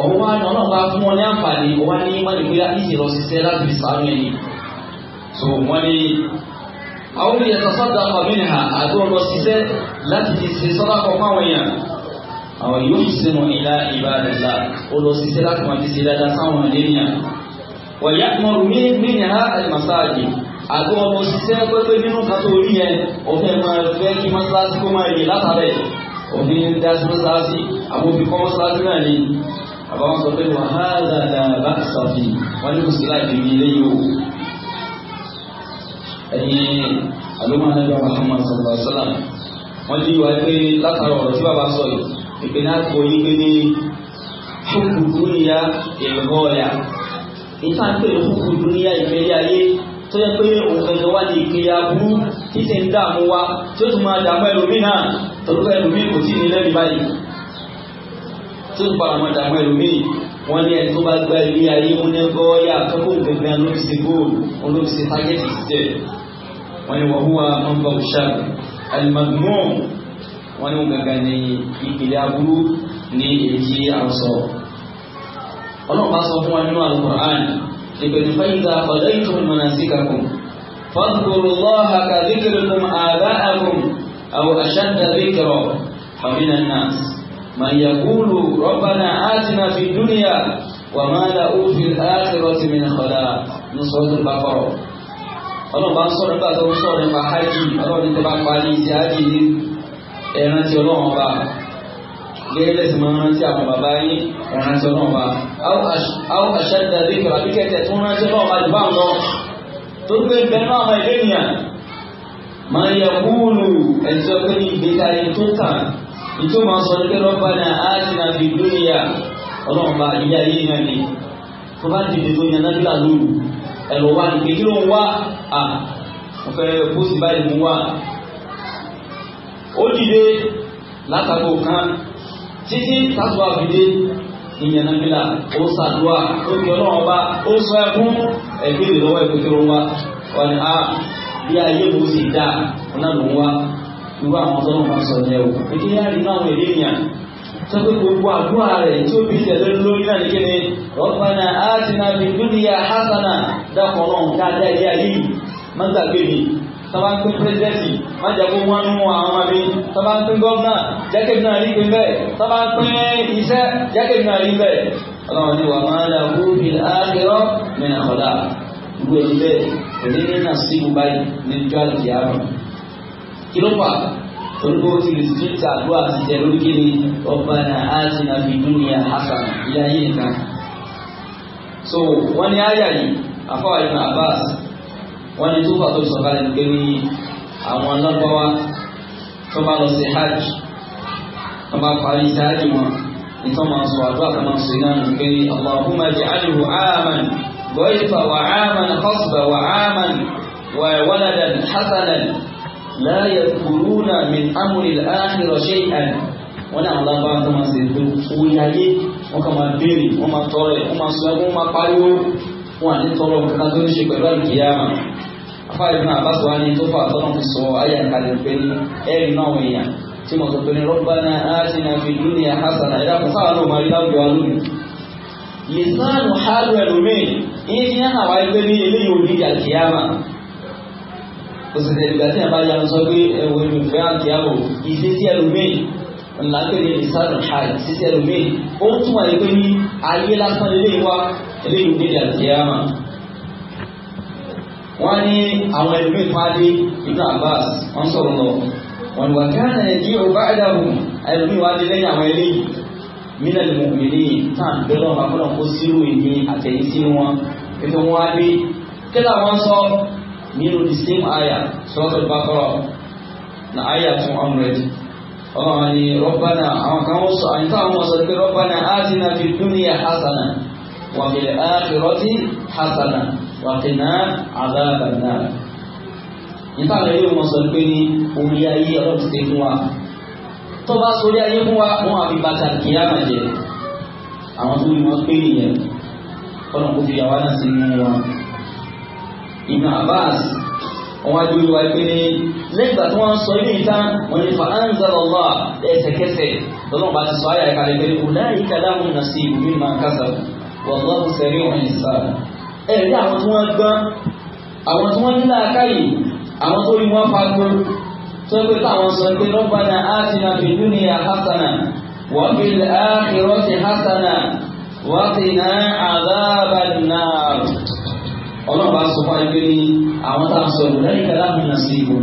ọ̀hún wá ní ọlọ́pàá fún wọn ní àǹfààní wọ́n ní mọ́lẹ̀kúyà ìṣèlọ ṣiṣẹ́ láti sàánú ẹni so wọ́n ní àwọn olùyẹ sọ́dọ̀ àfàmìnì hà àti ọlọ ṣiṣẹ́ láti fi ṣe sọ́dọ̀ kan fáwọn èèyàn àwọn yóò fi sínú ilá ìbáraẹ̀lá ọlọ ṣiṣẹ́ láti máa fi ṣe dáadáa sáwọn ènìyàn wọ̀nyá mọ̀rún ní mímì ha àlùmọ̀sáàjì àti ọlọ ṣiṣẹ́ pẹ́pẹ́ nínú kátó orí yẹn òfin máa fẹ́ kí mọ́ṣáláṣí kó máa yè látàrẹ̀ òfin dá mọ́ṣáláṣí àbófin kọ́ mọ́ṣáláṣí náà ni àbáwọn sọ pé wà á dàda bá sàfì wọn ní mùsùlùmí àti ní ilé yìí o ẹyin àlùmọ anájọ Muhammad sallallahu alaihi wasallam wọn ní wàá pé látara ọ̀rọ̀ tí bàbá sọ yìí ìpè náà kò yí pé ní fúnkù dúníyà èrò ọ̀yà ìta ń pè ní fúnkù dúníyà ìfẹ́lẹ́ ayé tó yẹ pé òkèlè wá ní ìpìlẹ̀ aburú títí ń dààmú wa tí tún máa dààmú ẹlòmíì náà torí pé kò tí ì ní lẹ́nu báyìí tó ń para wọn dàgbọ́ ẹlòmíì wọ́n ní ẹni tó bá gba ilé ayé wọn ní ẹgbọ́ yà tọ́kù gbẹgbẹ́ olóbìsí góòlù olóbìsí tágẹ́tì sísẹ́ wọ́n ní wọ́n húwa mọ́ngbà òṣàlù alimadumọ́n wọ́n ní wọ́n gàgà ní ìpìlẹ̀ aburú ní èyí àrùsọ. ọlọ́pàá sọ fún wa nínú alukur'an ìgbẹ̀dùn fẹ́yìntà ọ̀dọ́ ìtumọ̀ mọ̀nàsíkàkùn فاذكروا الله كذكركم آباءكم أو أشد ذكرا فمن الناس من يقول ربنا آتنا في الدنيا وما له في الآخرة من خلاق من سورة البقرة ọlọ́run bá ń sọ̀rọ̀ nígbà tó ń sọ̀rọ̀ nípa hajj ọlọ́run ní tẹ́bá parí ti hajj ní ẹ̀rántí ọlọ́run ọba gẹ́gẹ́ tí máa rántí àwọn bàbá yín ẹ̀rántí ọlọ́run ọba áwọ̀ àṣẹ́dá lẹ́kọ̀ọ́ àbí kẹ̀kẹ́ tó rántí ọlọ́run ọba jùlọ àwọn lọ tó gbé bẹ́ẹ̀ náà àwọn ẹ̀dẹ́nìyàn máa yẹ kúùlù ẹ̀jọ́ pé ní ìgbésí ayé tó kàn ìtumọ̀ sọ ní pé rọ́bànà áàtìnà fi dúnìyà ọlọ́run bá ilé ayé náà ni tó bá dìde tó yan nábìlà lóru ẹ̀rọ wa ní kékeré òun wá à wọ́n fẹ́ kó sì báyìí mú wá. ó dìde látàkó kan títí tásùwà fìdé ìyẹn nábìlà ó sàdúà ó kí ọlọ́run bá ó sọ ẹkún ẹgbẹ́ ìlọ́wọ́ ìkékeré òun wá wọn ni a bí ayé mo sì dáa wọn náà lòún wá irú àwọn tọ́lọ́ máa sọ yẹn o èdè yá rí náà wẹ̀rẹ̀ èèyàn tó pé gbogbo àdúrà rẹ̀ tí ó bí ìtẹ̀lẹ́ lórí náà nìké ni Rabbana atina fid hasana dákọ̀ náà dáadáa ilé ayé yìí má gbàgbé mi tọ́ba ń pín pírẹ́sìdẹ́ǹtì má jẹ́ kó wọ́n mú àwọn ọmọ mi tọ́ba ń pín gọ́ọ̀nà jẹ́kẹ́bí náà rí pé bẹ́ẹ̀ tọ́ba ń pín iṣẹ́ jẹ́kẹ́bí náà rí ọlọ́run ni wà máa ń lọ bí ákẹ́rọ́ mìíràn kọ́lá gbogbo ẹni bẹ́ẹ̀ òní ní nàṣíbù báyìí ní jọ́ọ̀lù yàrá kí ló fà orúkọ tí lè ti tún tàdúrà ti jẹ lórí kíni ọba na áàtì na fi dúnìyà hasan ilé ayé nìkan so wọn ní àyà yìí afọwà ibn abbas wọn ní tó fà tó sọ̀kalẹ̀ nígbẹ ní àwọn lọ́gbọ́wá tó bá lọ sí hajj tó bá parí sí hajj wọn nítorí wọn sọ àdúrà kan náà sí náà nígbẹ ní allahumma ja'alhu aaman ghayfa wa aaman qasba wa aaman wa waladan hasanan la yadhkuruna min amri al-akhirah shay'an wọ́n ní àwọn lábára tó máa ṣe tó orí ayé wọ́n kàn máa béèrè wọ́n máa tọrẹ wọ́n máa sọ ẹgbẹ́ wọ́n máa pariwo wọ́n àní tọrọ kankan tó ní ṣe pẹ̀lú àlùkìyàmà afáàlì náà àbáṣọ wa ní tó fà tọ́nà fi sọ ayé àkàlẹ̀ pé ní ẹ̀rì náà wọ̀ èèyàn tí mo sọ pé ní Rabbana atina fid dunya hasana ẹ̀dá kò sáà náà máa rí láwùjọ wa lónìí. lisanu halu ẹlòmíì ìyẹn ti ní àwọn ẹgbẹ́ ní eléyìí òbí àlùkìyàmà òṣìṣẹ́ ìgbà tí a bá yà ń sọ que ẹwọ ìrìnfẹ́ àkíyàwó ìṣesí ẹlòmíì ńláńpẹ́ ní ìsáàdùn ṣáà ìṣesí ẹlòmíì ó ń túmọ̀ ní pé ní ayé lásán eléyìí wá eléyìí nílẹ̀ àkíyàmà wọ́n ní àwọn ẹlòmíì fáadé ibn Abbas wọ́n sọ̀rọ̀ lọ wọ́n ní wà kí wọ́n ní jí ọba ẹ̀dàbù ẹlòmíì wá dé lẹ́yìn àwọn eléyìí mílẹ̀ lè mọ̀mí ní tàn bẹ́lọ̀ ọ̀bàkúnà kó sírù ìní àtẹ̀yìn sí wọn ètò wọn á dé kí làwọn sọ nínú the same ayah Surat Al-Baqarah na ayah tún amúrẹ́dì ọlọ́run ni rọ́bánà àwọn kan wọ́n sọ àyíká àwọn ọmọ sọ pé rọ́bánà atina fi dunya hasana wa fil akhirati hasana wa qina adhaban nar nípa àwọn yóò mọ̀ sọ pé ní orí ayé ọlọ́run ti fún wa tó bá sórí ayé fún wa wọn àfi bàtà kìíyàmà jẹ àwọn tó ní wọn pé nìyẹn ọlọ́run yàwá náà sí nínú wọn ibn abbas wọn wá dúró wáyé pé ní lẹ́gbàá tí wọ́n sọ ilé ìta wọn ní fa anzalallah ẹsẹ̀kẹsẹ̀ lọ́lọ́run bá ti sọ ayé àkàlẹ̀ pé ọ̀nà ìkàlámù nàṣì ìwé máa kásà wallahu sari'un hisab ẹ̀rí àwọn tí wọ́n gbọ́n àwọn wọ́n nílá akáyì ọlọ́run bá sọ fún ayé pé ní àwọn tá à na sọ ìlú lẹ́yìn kẹlá mi nà sí ibò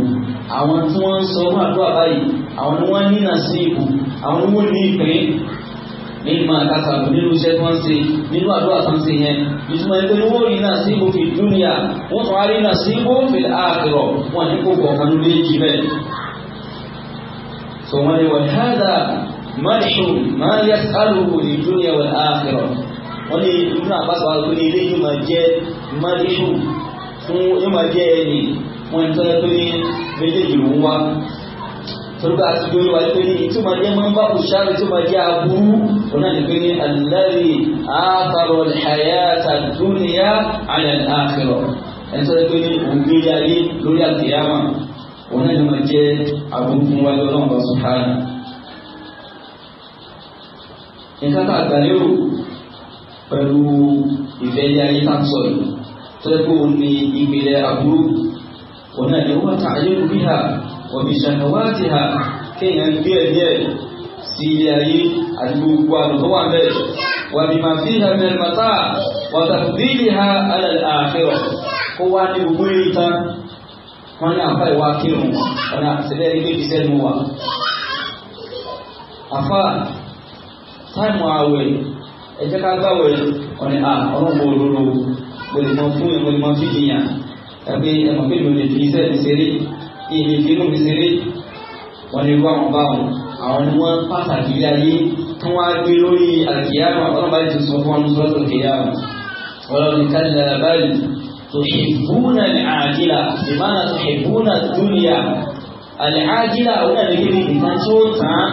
àwọn tí wọ́n ń sọ fún àdúrà báyìí àwọn ni wọ́n ní nà sí ibò àwọn wọ́n ní ìpín nínú máa kásá lò nínú iṣẹ́ tó ń ṣe nínú àdúrà tó ń ṣe yẹn ìtumọ̀ ẹgbẹ́ ni wọ́n rí náà sí ibò fi dúnìyà wọ́n tún á rí náà sí ibò fi àkìrọ̀ wọn ní kó kọ̀ọ̀kan jì bẹ́ẹ̀. sọ wọn ni hádà máa yẹ wọ́n ní inú àbáṣọ àgbẹ̀ ní ilé yìí máa jẹ́ mádìṣù fún yóò máa jẹ́ ẹnì wọn ní tọ́lẹ́ pé ní méjèèjì òun wá torípa àti gbé wá pé ní tí ó máa jẹ́ mọ́nbà kò sáré tí ó máa jẹ́ aburú òun náà ní pé ní alẹ́rì àtàrọ̀ ìhàyà tàdúnìyà àlẹ́ àfẹ́rọ̀ ẹni tọ́lẹ́ pé ní òun gbé ayé lórí àkèyàmà òun náà ní máa jẹ́ aburú fún wáyé ọlọ́run bá pẹ̀lú ìfẹ́ ilé ayé tá à ń sọ yìí tó yẹ kó o ní ìpìlẹ̀ àbúrò òun náà ni wọ́n ta ayé lórí ha ọ̀bì ṣàkàwáàtì ha kéèyàn gbé ẹ̀mí ẹ̀ sí ilé ayé àti gbogbo àdùn tó wà bẹ́ẹ̀ wà bí màá fi hàn mẹ́rin màtá wà tàbílì ha alẹ́ àfẹ́rọ̀ kó wá ní gbogbo èyí tán wọ́n ní àfa ìwà kírun ọ̀nà àtẹ̀lẹ́ ilé ìṣẹ́ nu wa. àfa táìmù àwẹ̀ ẹ jẹ́ ká gbàwẹ̀ ọ̀nà à ah, ọlọ́gbọ̀ olóró gbòlìmọ̀ fún ìgbòlìmọ̀ fìdíyàn ẹgbẹ́ ẹ̀mọ̀ pé mi ò lè fi iṣẹ́ mi ṣeré ìlè fi inú mi ṣeré wọn ni wọn bá wọn àwọn ni wọn pàtàkì ilé ayé tí wọn á gbé lórí àkìyàmọ ọlọ́run bá ti sọ fún wọn lọ́sọ̀rọ̀ tó kìyàmọ ọlọ́run kálí alábàlì tòṣìbùnà àdìlà ìmánà tòṣìbùnà dúnìyà àlẹ́ àdìlà òun àlẹ́ kékeré nǹkan tó tàn án.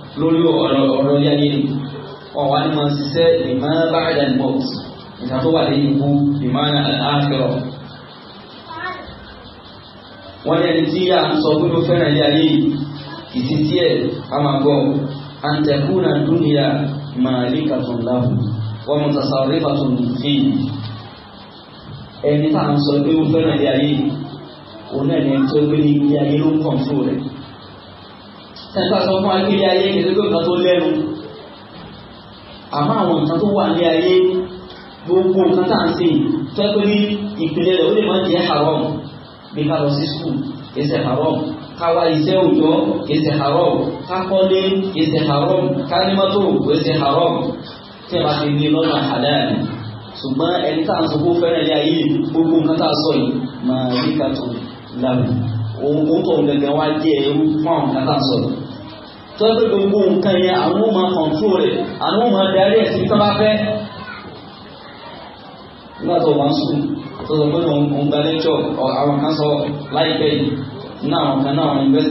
lórí ọ̀rọ̀ ọ̀rọ̀ ilé ayé ni wọn wá ní máa ṣiṣẹ́ ìmọ̀ báyìí ní mọ́t ìta tó wà lẹ́yìn ikú ìmọ̀ àkẹrọ. wọ́n ní ẹni tí a ń sọ pé ó fẹ́ràn ilé ayé ìsí tí ẹ̀ a máa gbọ́ àǹtẹ̀kùnà dúnìyà màálíkà tó láwù wọ́n mú tasàwọ́rẹ́ fàtó nìyí. ẹni tá à sọ pé ó fẹ́ràn ilé ayé òun náà ní ẹni tó gbé ní ilé ayé ló ń kọ̀ǹtò rẹ̀ sẹ́ńtà sọ fún akéde ayé ìdẹ́gbẹ́ nǹkan tó lẹ́nu àmọ́ àwọn nǹkan tó wà ní ayé gbogbo nǹkan tá à ń ṣe tó ẹ́ pé ní ìpínlẹ̀ rẹ̀ ó lè má jẹ́ haram bí ká lọ sí skul kìí ṣe haram ká wá iṣẹ́ òòjọ́ kìí ṣe haram ká kọ́lé kìí ṣe haram ká ní mọ́tò kìí ṣe haram tí a bá ti ní lọ́nà halal ṣùgbọ́n ẹni tá à ń sọ fún fẹ́rẹ̀ ní ayé gbogbo nǹkan tá a sọ yìí máa rí ká lábẹ́. òun kò tó gẹ̀gẹ̀ wá jẹ́ ẹrú fún àwọn kàtà sọ̀rọ̀ tó ẹgbẹ́ gbogbo nǹkan yẹn àwọn ọmọ kọ̀ǹtró rẹ̀ àwọn ọmọ darí ẹ̀ sí tọ́ba fẹ́ nígbà tó ọzọ sùn tó sọ pé òun gba lẹ́jọ́ àwọn kan sọ láìpẹ́ yìí ní àwọn kan náà ìwà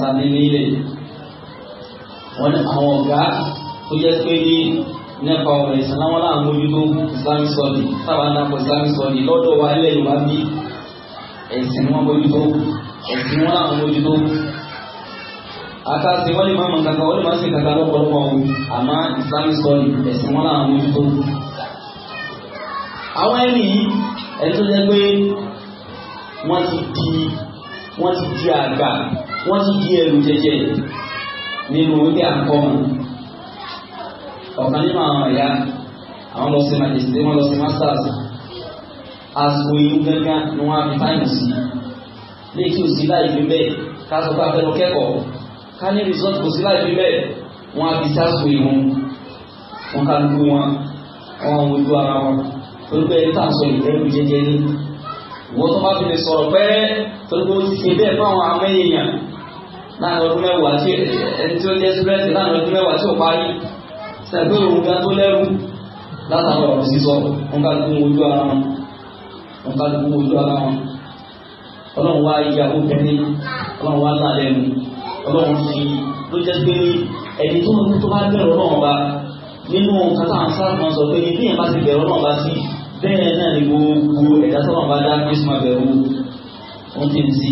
ta ní wọn àwọn ọ̀gá tó jẹ́ pé ní nípa ọ̀rọ̀ ẹ̀sìn wọn bójútó ẹ̀sìn wọn làwọn bójútó àtàsí wọ́n lè má mọ̀ kankan wọ́n lè má sí kankan lọ́pọ̀lọpọ̀ wọn àmọ́ islamic study ẹ̀sìn wọn làwọn bójútó. àwọn ẹni yìí ẹni tó jẹ́ pé wọ́n ti di wọ́n ti di àgbà wọ́n ti di ẹrù jẹjẹ nínú orí àkọ́mù ọ̀kan nínú àwọn ẹ̀yà àwọn lọ sí màjèsì wọ́n lọ sí masters àsìkò ìlú gángan ni wọ́n á fi táìmù sí lè kí o sí láì fi bẹ́ẹ̀ ká sọ pé abẹ́nu kẹ́kọ̀ọ́ ká ní resort kò sí láì fi bẹ́ẹ̀ wọ́n á fi sásìkò ìlú wọn ká lóko wọn wọn ò ju ara wọn torí pé tá à ń sọ ìrẹ́lú jẹjẹ ní wọ́n tó bá fi lè sọ̀rọ̀ pẹ́ẹ́ torí pé ó ti ṣe bẹ́ẹ̀ fún àwọn amẹ́yẹ̀yàn láàrin ọdún mẹ́wàá tí ẹni tí ó jẹ́ sílẹ̀tì láàrin ọdún mẹ́wàá tí ó parí ṣẹ̀gbẹ́ tó lẹ́rù látàrí ọ̀rọ̀ sísọ wọn ká lóko ojú ara wọn wọn bá lùkú ojú ara wọn ọlọ́run wá ìyàwó kẹ́ni ọlọ́run wá lálẹ́ nu ọlọ́run fi ló jẹ́ pé ẹni tó ń tó bá bẹ̀rù ọlọ́run bá nínú kátà ń sáà sọ pé bí yẹn bá ti bẹ̀rù ọlọ́run bá sí bẹ́ẹ̀ náà ni gbogbo ẹ̀dá sọ́lọ́run bá dá kí sùnmọ́ bẹ̀rù ohun tí ń sí.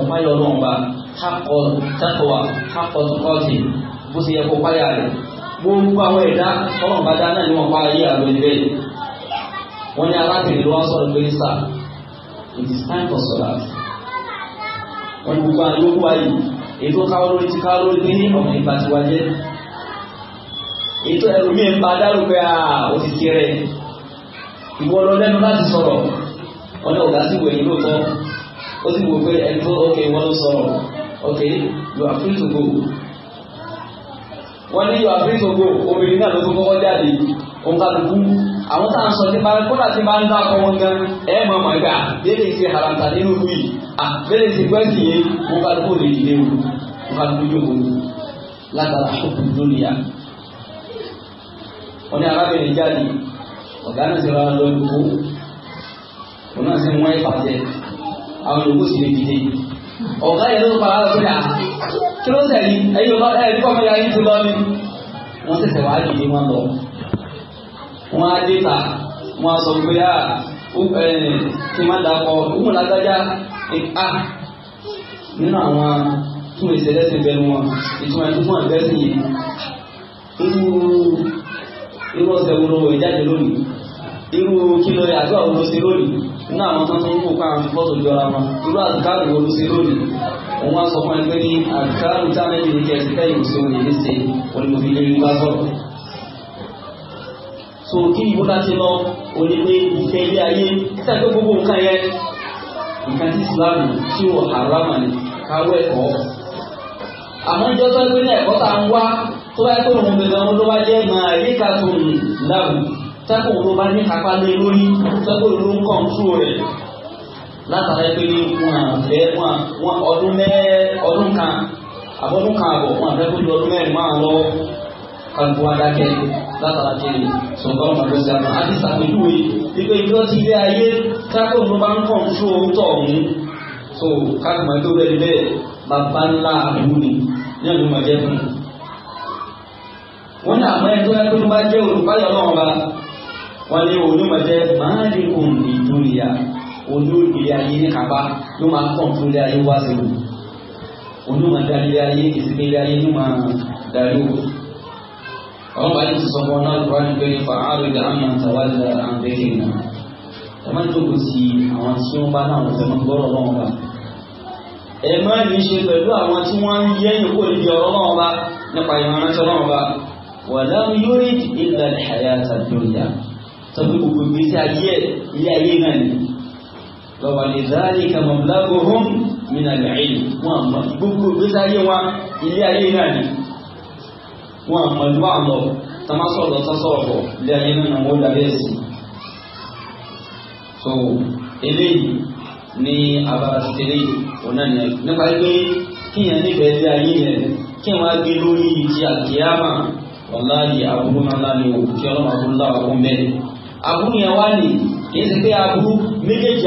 ọ̀pá yọ ọlọ́run bá kákọ̀ tákọ̀wà kákọ̀ tó kọ́ sí bó ṣe yẹ kó páyà rẹ̀ gbogbo àwọn ẹ̀dá sọ́lọ́run bá dá náà ni wọ́n pa ayé àlọ́ wọ́n ní alátẹ̀lé wá sọ̀rọ̀ pé sà it is time for solar wọ́n ní gbogbo àyè owó ayé ètò káwọ́ lórí ti káwọ́ lórí ní ọ̀nà ìgbà tí wájẹ́ ètò ẹlòmíì ń pa dárò pé ó ti ti rẹ̀ ìwọ lọ lẹ́nu láti sọ̀rọ̀ wọ́n ní ọ̀gá sì wò èyí lóòótọ́ ó sì wò pé ẹni tó ọkẹ́ wọ́n ló sọ̀rọ̀ okay you are free to go wọ́n ní you are free to go obìnrin náà ló tó kọ́kọ́ jáde òun kálukú àwọn tá à ń sọ nípa kódà tí bá ń dá ọkọ wọn gan ẹ mọ ọmọ ẹgbà bẹ́ẹ̀ ṣe haramta nínú ìlú yìí bẹ́ẹ̀ ṣe gbẹ́sì yìí mo bá dúró lè dìde o mo bá dúró yóò wọlé látara ṣùkú lónìí yá. wọ́n ní arábìnrin jáde ọ̀gá náà ti rà lọ ìlú òun náà sì ń wọ́n ìpàdé àwọn yòókù sì lè dìde ọ̀gá yẹn ló para lọ́sẹ̀ yà kí ló ń tẹ̀lé ẹ̀yin ọba ẹ̀ẹ́dẹ́gbọ́n mi yà yín ti lọ ni wọ́n tẹ̀sẹ̀ wá dìde wọn lọ. wọ́n á dé ta wọ́n á sọ pé a ah, kí a ah, nínú àwọn tún èsì ẹlẹ́sìn bẹnu wọn ìtumọ̀ ìtumọ̀ ìbẹ́sìn yìí irú irú ọ̀sẹ̀ wo ló wọ̀ ìjáde lónìí irú kí ló àdúrà wo ló ṣe lónìí nínú àwọn tó ń tún kó káwọn fọ́tò wọn irú wo ló ṣe lónìí òun sọ fún ní táwọn yìí ṣe so kí ìbú bá ti lọ òní pé ìfẹ́ ilé ayé sẹ́gbẹ́ gbogbo nǹkan yẹn nǹkan tí Islam tí ò harama ni káwọ́ ẹ̀kọ́ àmọ́ ìjọ tó ń ní ẹ̀kọ́ tá ń wá tó bá yẹ kó òun gbẹgbẹ ọmọ tó bá jẹ́ máa tó tó bá ní kápá lé lórí ló ń rẹ̀ pé wọn àfẹ́ wọn ọdún ọdún kanko adakẹ látara kẹ sọgbọn ma lọsí àná àti sàpèjúwe ipe ibi wọn ti lé ayé kákó ló bá ń kàn so kákó máa tó bẹ́ẹ̀ bẹ́ẹ̀ bàbá ńlá àbúrò ni ní àbúrò máa jẹ fún un. wọn ní àwọn ẹgbẹ́ ẹgbẹ́ tó bá jẹ́ olùbáyọ̀ náà wá wọn ní òun ló máa jẹ máa lè kún ìdúnìyà olóògbé ayé ní kaba ló àwọn bá ní ti sọ fún ọ náà lọ́wọ́ ní pé fàárọ̀ ìdá àmà tàwálà àǹdẹ́kẹ̀ náà ẹ má jókòó sí àwọn tí wọ́n bá náà fẹ́ mọ́ gbọ́rọ̀ lọ́wọ́ bá ẹ má ní ṣe pẹ̀lú àwọn tí wọ́n ń yẹ́yìn kó níbi ọ̀rọ̀ lọ́wọ́ bá nípa ìrànlọ́sọ lọ́wọ́ bá wà láwọn yóò rí ìlà ìhàyà tàbí òyà tàbí gbogbo ayé ilé ayé náà ni lọ́wọ́ lè dáàlì kàmọ́ wọn àmọ́ ìlú àlọ́ tamasọ̀rọ̀ sásọ̀rọ̀ ilé ayé náà wọ́n darí so eléyìí ní abala tẹ̀lé ọ̀nà ni o tí ọlọ́run àbúrò ńlá ọ̀hún bẹ́ẹ̀. àbúrò yẹn wá ndị kì í ṣe pé àbúrò ndị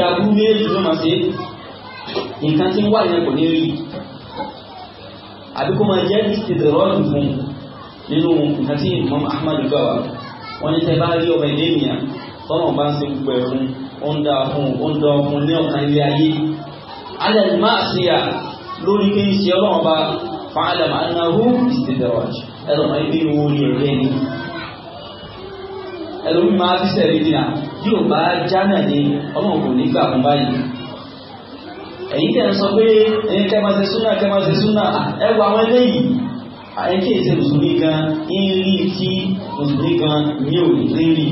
àbúrò méjèèjì ló máa nínú nǹkan tí Imam Ahmad gbà wá wọ́n ní tẹ́ bá rí ọmọ ẹ̀dẹ́ ènìyàn tọ́nà bá ń ṣe gbogbo ẹ̀ fún ó ń da fún ó ń da ọkùn ní ọ̀kan ilé ayé alẹ́ máa ṣe à lórí pé ń ṣe ọlọ́run bá fàálẹ̀ máa ná hó ìṣèdọ̀rọ̀ ẹ̀rọ máa ń ẹ̀kí ìṣe mùsùlùmí gan ń rí tí mùsùlùmí gan ní òní tí ń rí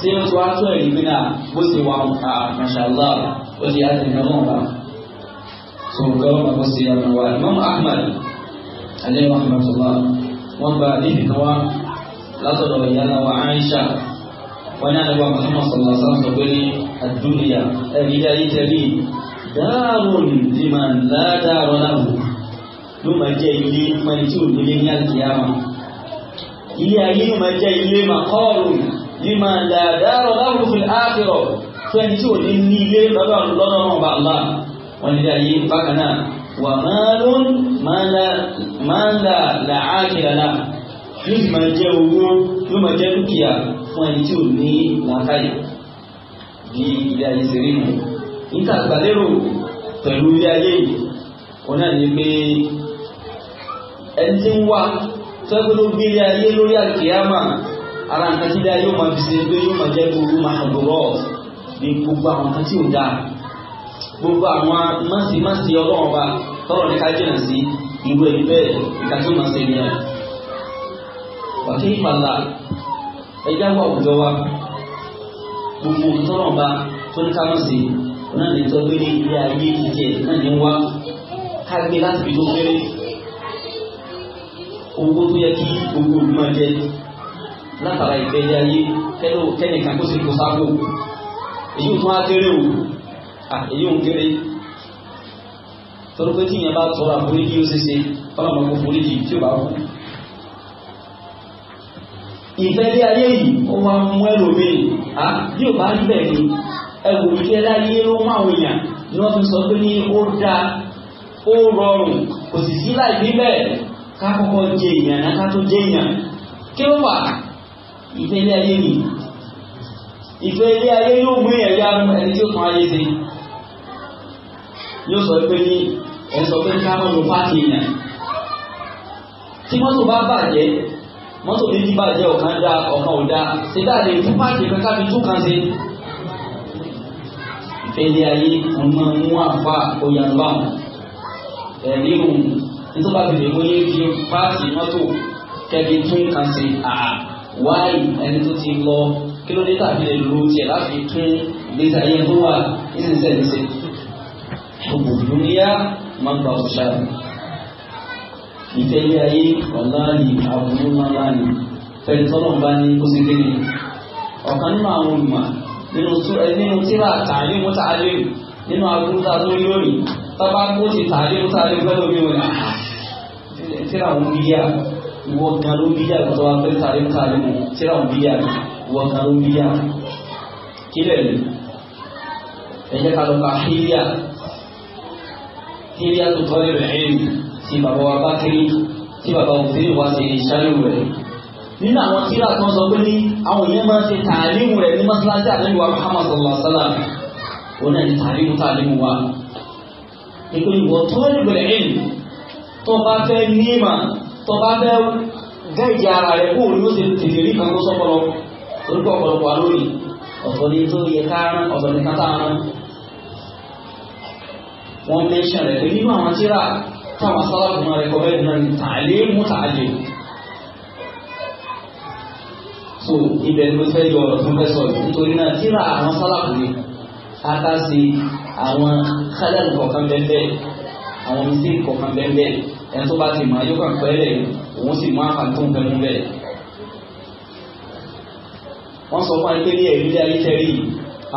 tí ó tó wá tó ẹ̀rí pé náà bó ṣe wà àmàṣàlá ó ti yá tẹ̀lé náà wà tó gọ́ọ̀mà bó ṣe yàmà wà Imam Ahmad alẹ́ rahmatullah wọ́n gba níbi kan wá látọ̀dọ̀ ìyára wa Aisha wọ́n ní àdàbà Muhammad sallallahu alaihi wasallam sọ pé ní àdúnyà ẹ̀rí ayé tẹ̀lé dáàrùn liman la dáàrùn lahu ló máa jẹ́ ilé pẹ́ni tí ò nílé ní àlùkìyàmà ilé ayé ló máa jẹ́ ilé màkọ́ọ̀rù ní máa dáadáa láwùjọ fi áàkìrọ̀ fẹ́ni tí ò ní ní ilé lọ́dọ̀ lọ́dọ̀ náà bá lá wọn ní ayé bákan náà wà máa ló máa ń là làákìrà náà yóò sì máa jẹ́ owó yóò máa jẹ́ ẹni tí ń wá sọ́kùn tó gbé ilé ayé lórí àkíyàmà ara nǹkan tí dáa yóò máa fi ṣe yóò máa jẹ́ gbogbo máa gbòòrò ní gbogbo àwọn nǹkan tí ò dáa gbogbo àwọn ọlọ́run ọba tọrọ ní ká sí ìwé wa gbogbo tọrọ ọba tó ní ká mọ̀ sí náà ilé ayé náà owó tó yẹ kí gbogbo olùmọ̀ jẹ látara ìfẹ́lẹ́ ayé kẹ́lò kẹ́nìkan kó sì kó sáàbò èyí tún á o èyí ò ń kéré torí pé tí ìyẹn bá tọrọ àforíjì ó ṣeéṣe tọ́lá mọ̀ kó foríjì tí ó bá kú ìfẹ́lẹ́ ayé yìí ó wá mú ẹlòmíì á bí ò bá rí bẹ́ẹ̀ ni ẹwù ìfẹ́lẹ́ ayé ló mú àwọn èèyàn ni wọ́n fi sọ pé ní ó dáa ó rọrùn kò sì sí láì bí bẹ́ẹ̀ kákọ́kọ́ jẹ èèyàn náà ká tó jẹ èèyàn kí ló fà ìfẹ́ ilé ayé mi ìfẹ́ ilé ayé yóò gbé ẹ̀yà ẹni tí ó tún ayé ṣe yóò sọ pé ní ẹ̀ sọ pé ká mọ̀ ló pàṣẹ èèyàn tí mọ́tò bá bàjẹ́ mọ́tò méjì bàjẹ́ ọ̀kan dá ọ̀kan ò dá ṣe dáadé fún páàkì kankan fi tún kan ṣe ìfẹ́ ilé ayé ọmọ mú àfa òyàmbá ẹ̀rí òun nítorí bá bèrè wọ́n yé fi páàsì mọ́tò kẹ́bi tún kan sí àà wáyé ẹni tó ti lọ kí ló dé tàbí lè lo tiẹ̀ láti tún ìgbésí ayé tó wà nísinsìnyí níṣẹ́. gbogbo dúníyà máa ń gba ọ̀ṣà ìfẹ́lẹ́ ayé ọ̀láàlì àbúrú láàlì fẹ́ni tọ́lọ̀ bá ní kó sí kéde ọ̀kan nínú àwọn olùmọ̀ nínú tíra tààlé mọ́tàálé nínú agbóta tó lónìí bábá kó ti tààrí ó sáré pẹ́lú omi wọn ah, tíra òun bíyà ìwọ kan ló bíyà tó wá pé tààrí tààrí mu tíra òun bíyà ìwọ kan ló bíyà kílẹ̀ ni ẹ̀jẹ̀ ká ló ka híríà híríà tó tọ́ lè rẹ̀ ẹ̀rì tí bàbá wa bá kiri tí bàbá òfin wa sì ṣáyé rẹ̀ nínú àwọn tíra kan sọ pé ní àwọn èèyàn máa ń ṣe tààrí rẹ̀ ní mọ́ṣáláṣí àdéhùn wa Muhammadu sallallahu sallam òun náà ni tàbí mú tàbí mú wa ìpè ìwọ tó ń gbẹ̀rẹ̀ ẹ̀ tó bá fẹ́ níma tó bá fẹ́ gáìjì ara rẹ̀ kó ní ó ti tètè rí kan tó sọ́pọ̀lọ́ orúkọ ọ̀pọ̀lọpọ̀ wa lónìí ọ̀tọ̀ ni tó yẹ káàrán ọ̀tọ̀ ni kátà rán wọ́n mẹ́ṣẹ̀ rẹ̀ pé nínú àwọn tíra táwọn sálàkùn máa rẹ̀ kọ́ bẹ́ẹ̀ náà ni tàlé mú tàlé so ibẹ̀ ló fẹ́ yọ ọ̀rọ̀ tó fẹ́ sọ nítorí náà tíra àwọn sálàkùn ni àtàsí àwọn kálẹ̀lù kọ̀ọ̀kan bẹ́ẹ̀ àwọn mísí kọ̀ọ̀kan bẹ́ẹ̀ ẹni tó bá ti mọ̀ ayọ́kọ̀ pẹ́lẹ̀ òun sì mọ́ àfà tó ń bẹnu bẹ́ẹ̀. wọ́n sọ fún akéré ẹ̀rí ilé ayé tẹ́rí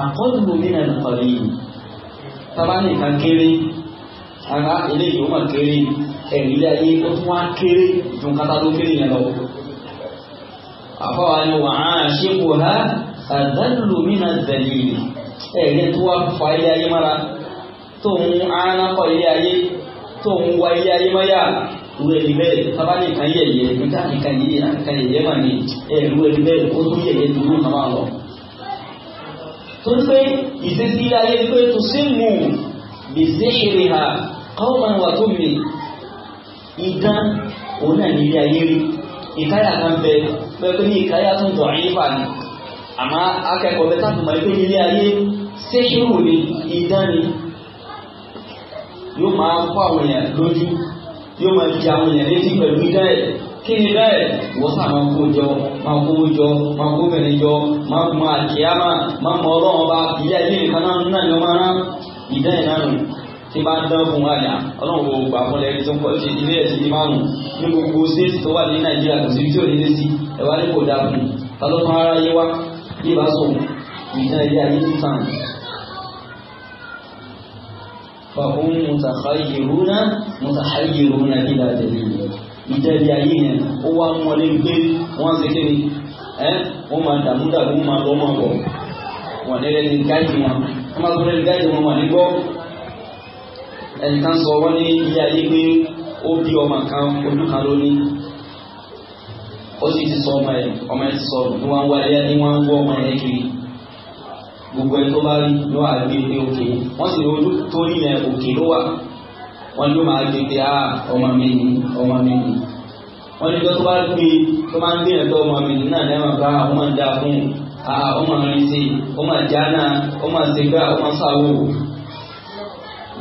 àkọ́dùnú mí náà nìkan rí tábà nìkan kéré ara ilé yìí ó mà kéré ẹ̀rí ilé ayé ó tún wá kéré ju kátà tó kéré yẹn lọ. àfọwọ́ ni wàá ṣe kò àdánù mí náà ẹ̀rẹ́ tó wá fa ilé ayé mára tó ń aránákọ̀ ilé ayé tó ń wa ilé ayé máyà ìwé ẹni bẹ́ẹ̀ tábà nìkan yẹ̀ yẹ níta nìkan yìí nìkan yẹ̀ yẹ mà ní ẹ̀rú ẹni bẹ́ẹ̀ ó tún yẹ̀ yẹ dúró náà máa lọ. tó ń pé ìṣesí ilé ayé pé tó sí mú gbèsè ìrìn ha káwọn máa wà tó mi ìdán òun náà ní ilé ayé rí kan bẹ pẹ́ pé ní ìkáyà tó ń tọ̀ ayé fà ama akẹ́kọ̀ọ́ bẹ́ẹ̀ sáà tó mọ̀ pé ilé ayé ṣéṣírù ni idán ni yóò máa kó àwọn èèyàn lójú yóò máa di àwọn èèyàn létí kí ni wọ́n sá máa kó jọ máa kó jọ máa kó bẹ̀rẹ̀ jọ máa kó máa máa máa ọba ilé ayé nìkan náà nínú máa rán náà dán fún ọlọ́run gbà fún lẹ́yìn tó ń pọ̀ sí ilé ẹ̀sìn ní márùn ní gbogbo bí ìbá sọ nǹkan ilé ayé ń tàn. fàkún mùtàkàyèrúnà mùtàkàyèrúnà ìlà tẹ̀lé ìjẹ́ ilé ayé yẹn ó wá mọ́lé gbé wọ́n ṣe kéde ẹ́ wọ́n máa dààmú dààmú máa lọ́ máa bọ̀ wọ́n ní ẹni gáàjì wọn wọ́n máa tún ẹni gáàjì wọn wà ní gbọ́ ẹnìkan sọ wọ́n ní ilé ayé pé ó bí ọmọ kan ojú kan lónìí Osi sì ti sọ ọmọ ẹ̀ ọmọ ẹ̀ sọ ní wọ́n ń wá ẹyẹ ní wọ́n ọmọ ẹ̀ kiri gbogbo ẹ̀ tó bá rí ló wà gbé pé òkè wọ́n sì rí torí yẹn òkè ló wà wọ́n ló máa gbé ah ọmọ mi ni ọmọ mi ni ní tó bá gbé tó máa ń gbé ọmọ mi náà lẹ́wọ̀n bá ah, fún ah ọmọ mi ọmọ ọmọ ọmọ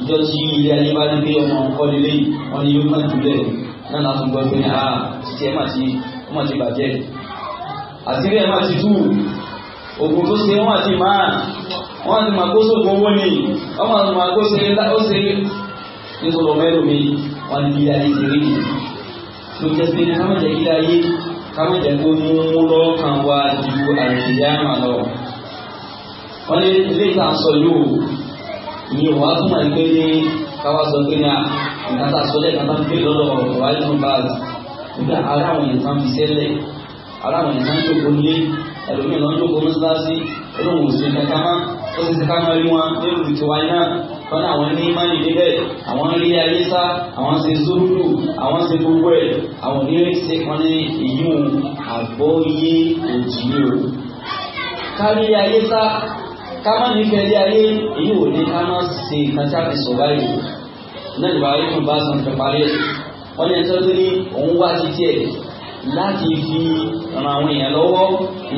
ìjọ tí ilé ayé bá ọmọ yóò má náà pé ah má ti wọ́n ti bàjẹ́ àtìrí ẹ̀ máa ti tú ògùn tó ṣe wọ́n àti máa wọ́n máa kó máa ó wọn ní ilé ayé ti rí ni ló jẹ́ pé ká má jẹ́ ilé ayé ká jẹ́ kó mú lọ́kàn wá ju àìsíyáàmà lọ wọ́n ní ilé ìta sọ yóò ní tó máa ń gbé ní sọ pé ní kàtà ń gbé lọ́dọ̀ nígbà ara àwọn èèyàn tán fi sẹ́lẹ̀ ara àwọn èèyàn tán jókòó nílé ẹlòmíì náà jókòó mọ́sálásí olóhùn òsè kankan má ó sì ti ká máa rí wọn nínú ìtura iná wọn àwọn ní mánì níbẹ̀ àwọn rí ayé sá àwọn ṣe zúrúdù àwọn ṣe gbogbo ẹ̀ àwọn onírè ṣe kan ní ìyún àgbọ́yé òjìlé o kárí ayé sá ká má nífẹ̀ẹ́ ilé ayé èyí ò ní ká má ṣe nǹkan tí a fi sọ báyìí náà ìwà ayé tó bá sàn fẹ́ parí ẹ̀ wọ́n ní ẹjọ́ tó ní òun wá ti tiẹ̀ láti fi ran àwọn èèyàn lọ́wọ́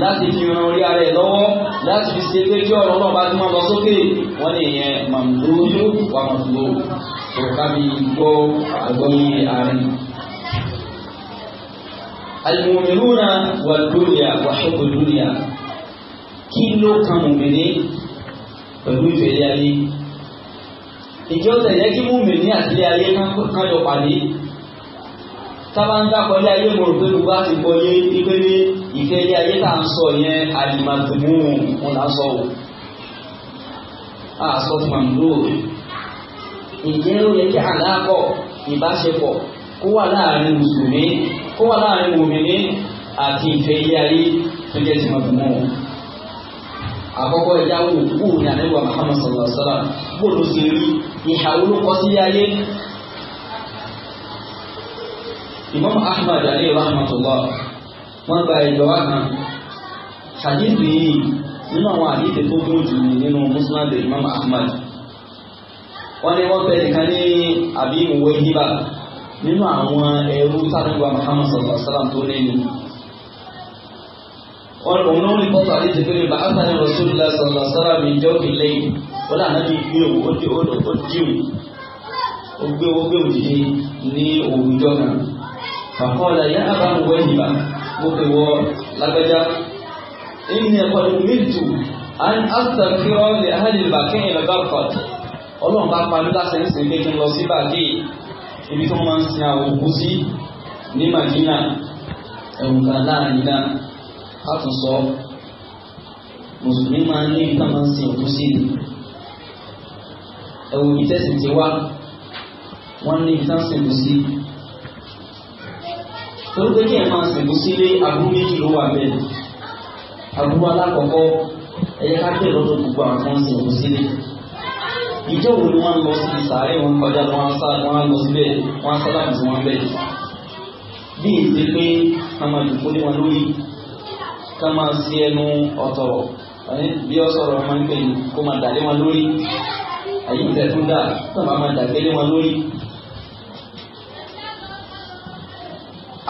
láti fi ran orí ara ẹ̀ lọ́wọ́ láti fi ṣe pé kí ọ̀rọ̀ náà bá ti máa lọ sókè wọ́n ní ìyẹn màmúlò wà màmúlò òkàbí gbọ́ àgbọ́yé àárín. المؤمنون والدنيا وحب الدنيا kí ló kan mùmìnì pẹ̀lú ìfẹ́ ilé ayé ìjọ tẹ̀lé kí mùmìnì àti ilé ayé kan jọ pàdé sábà ń dákọ̀ ilé ayé mo rò pé gbogbo àti gbọ́ yé ipe ní ìfẹ́ ilé ayé tá à ń sọ yẹn àdìmàdùmù wọn là ń sọ o. àṣọ tí màá lò ìjẹ́ ó yẹ kí àdáàkọ̀ ìbáṣepọ̀ kó wà láàrin mùsùlùmí kó wà láàrin mùmìnì àti ìfẹ́ ilé ayé tó jẹ́ ti màdùmù o. àkọ́kọ́ ẹja wò kú ní àdébọ̀ Muhammad sallallahu alaihi wasallam bó ló ṣe rí ìhà olókọ sílé ayé Imam Ahmad Ali rahmatullah wọ́n gba ẹjọ́ wa kan hadith yìí nínú àwọn hadith tó gùn jù nínú Musnad Imam Ahmad wọ́n ní wọ́n pẹ́ nìkan ní àbí ìwé hibà nínú àwọn ẹrú Muhammad sallallahu alaihi wa tó ní ni Rasulullah fàkọ́lá yá àbá wẹ́yìnbá mo pè wọ lágbájá ìní ẹ̀kọ́ ní mìtù an asàkírọ́ lè hàlìbà kẹ́yìn bá pa mí láti ń pé kí n lọ sí bàgé ibi tó máa ń sin àwọn sí ní Madina ẹ̀wùn láàrin náà a tún sọ mùsùlùmí máa ń ní ìtàn máa ń sin òkú sí ẹ̀wùn ìtẹ́sìn ti wá wọ́n ní òkú sí. torí pé kí ẹ máa sìnkú sílé agbó méjì ló wà bẹ́ẹ̀ agbó alákọ̀ọ́kọ́ ẹ̀yẹ ká tẹ̀ gbogbo àwọn tó ń sìnkú ìjọ wo ni wọ́n lọ síbi sàárẹ̀ wọn kọjá wọn sá wọn lọ síbẹ̀ wọn sá láti wọn bẹ́ẹ̀ bí ìdí pé ká máa dùn fúnni wọn lórí ká máa sí ẹnu ọ̀tọ̀rọ̀ ọ sọ̀rọ̀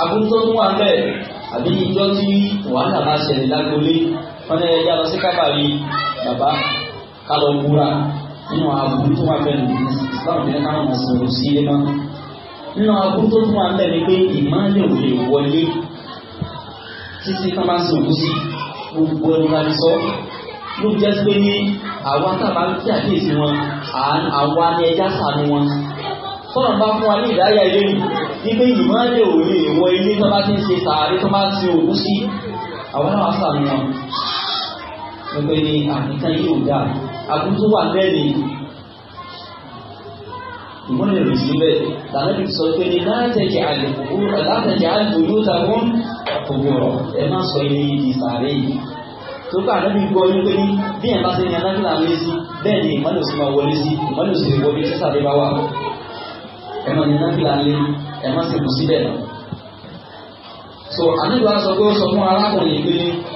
agbóńtó tún wà bẹ́ẹ̀ àbí ìjọ tí wàhálà máa ṣẹlẹ̀ lágbolé wọn ní ẹja lọ sí kábàárì bàbá kálọ̀ wúra nínú àbúrú tó wà bẹ́ẹ̀ nìyí islam ní ká máa sọ̀rọ̀ sí ilé mọ́ nínú àbúrú tó tún wà bẹ́ẹ̀ ni pé ìmọ̀lẹ̀ ò lè wọlé títí ká máa sọ̀rọ̀ sí gbogbo ẹni máa sọ ló jẹ́ pé ní àwọn àtàbà kí àkíyèsí wọn àwa ẹja sànú wọn tọ́nà bá fún wa ní ìdáyà ilé yìí wípé ìmọ̀lẹ̀ ò lè wọ ilé tó bá ti ń ṣe sàárè tó bá ti òkú sí àwọn náà sàmì wọn ni àkíkà yìí ò dáa àbútú wà bẹ́ẹ̀ ni ìmọ̀lẹ̀ ò sí bẹ́ẹ̀ tàbí sọ pé ní látẹ̀jẹ̀ àlùkò yóò ta fún òwúrọ̀ ẹ má sọ ilé yìí di sàárè yìí tó bá àdébí gbọ́ ní pé ní bí ẹ̀ bá ṣe ní adájọ́ làwọn lé sí bẹ́ẹ̀ ni ìmọ̀lẹ̀ ò sì máa wọlé sí ìmọ̀lẹ̀ ò sì wọlé sí sàárè ẹ máa ní náfìlà lé ẹ máa sì kù síbẹ̀ náà. so àdúgbò aṣọ pé ó sọ fún arákùnrin pé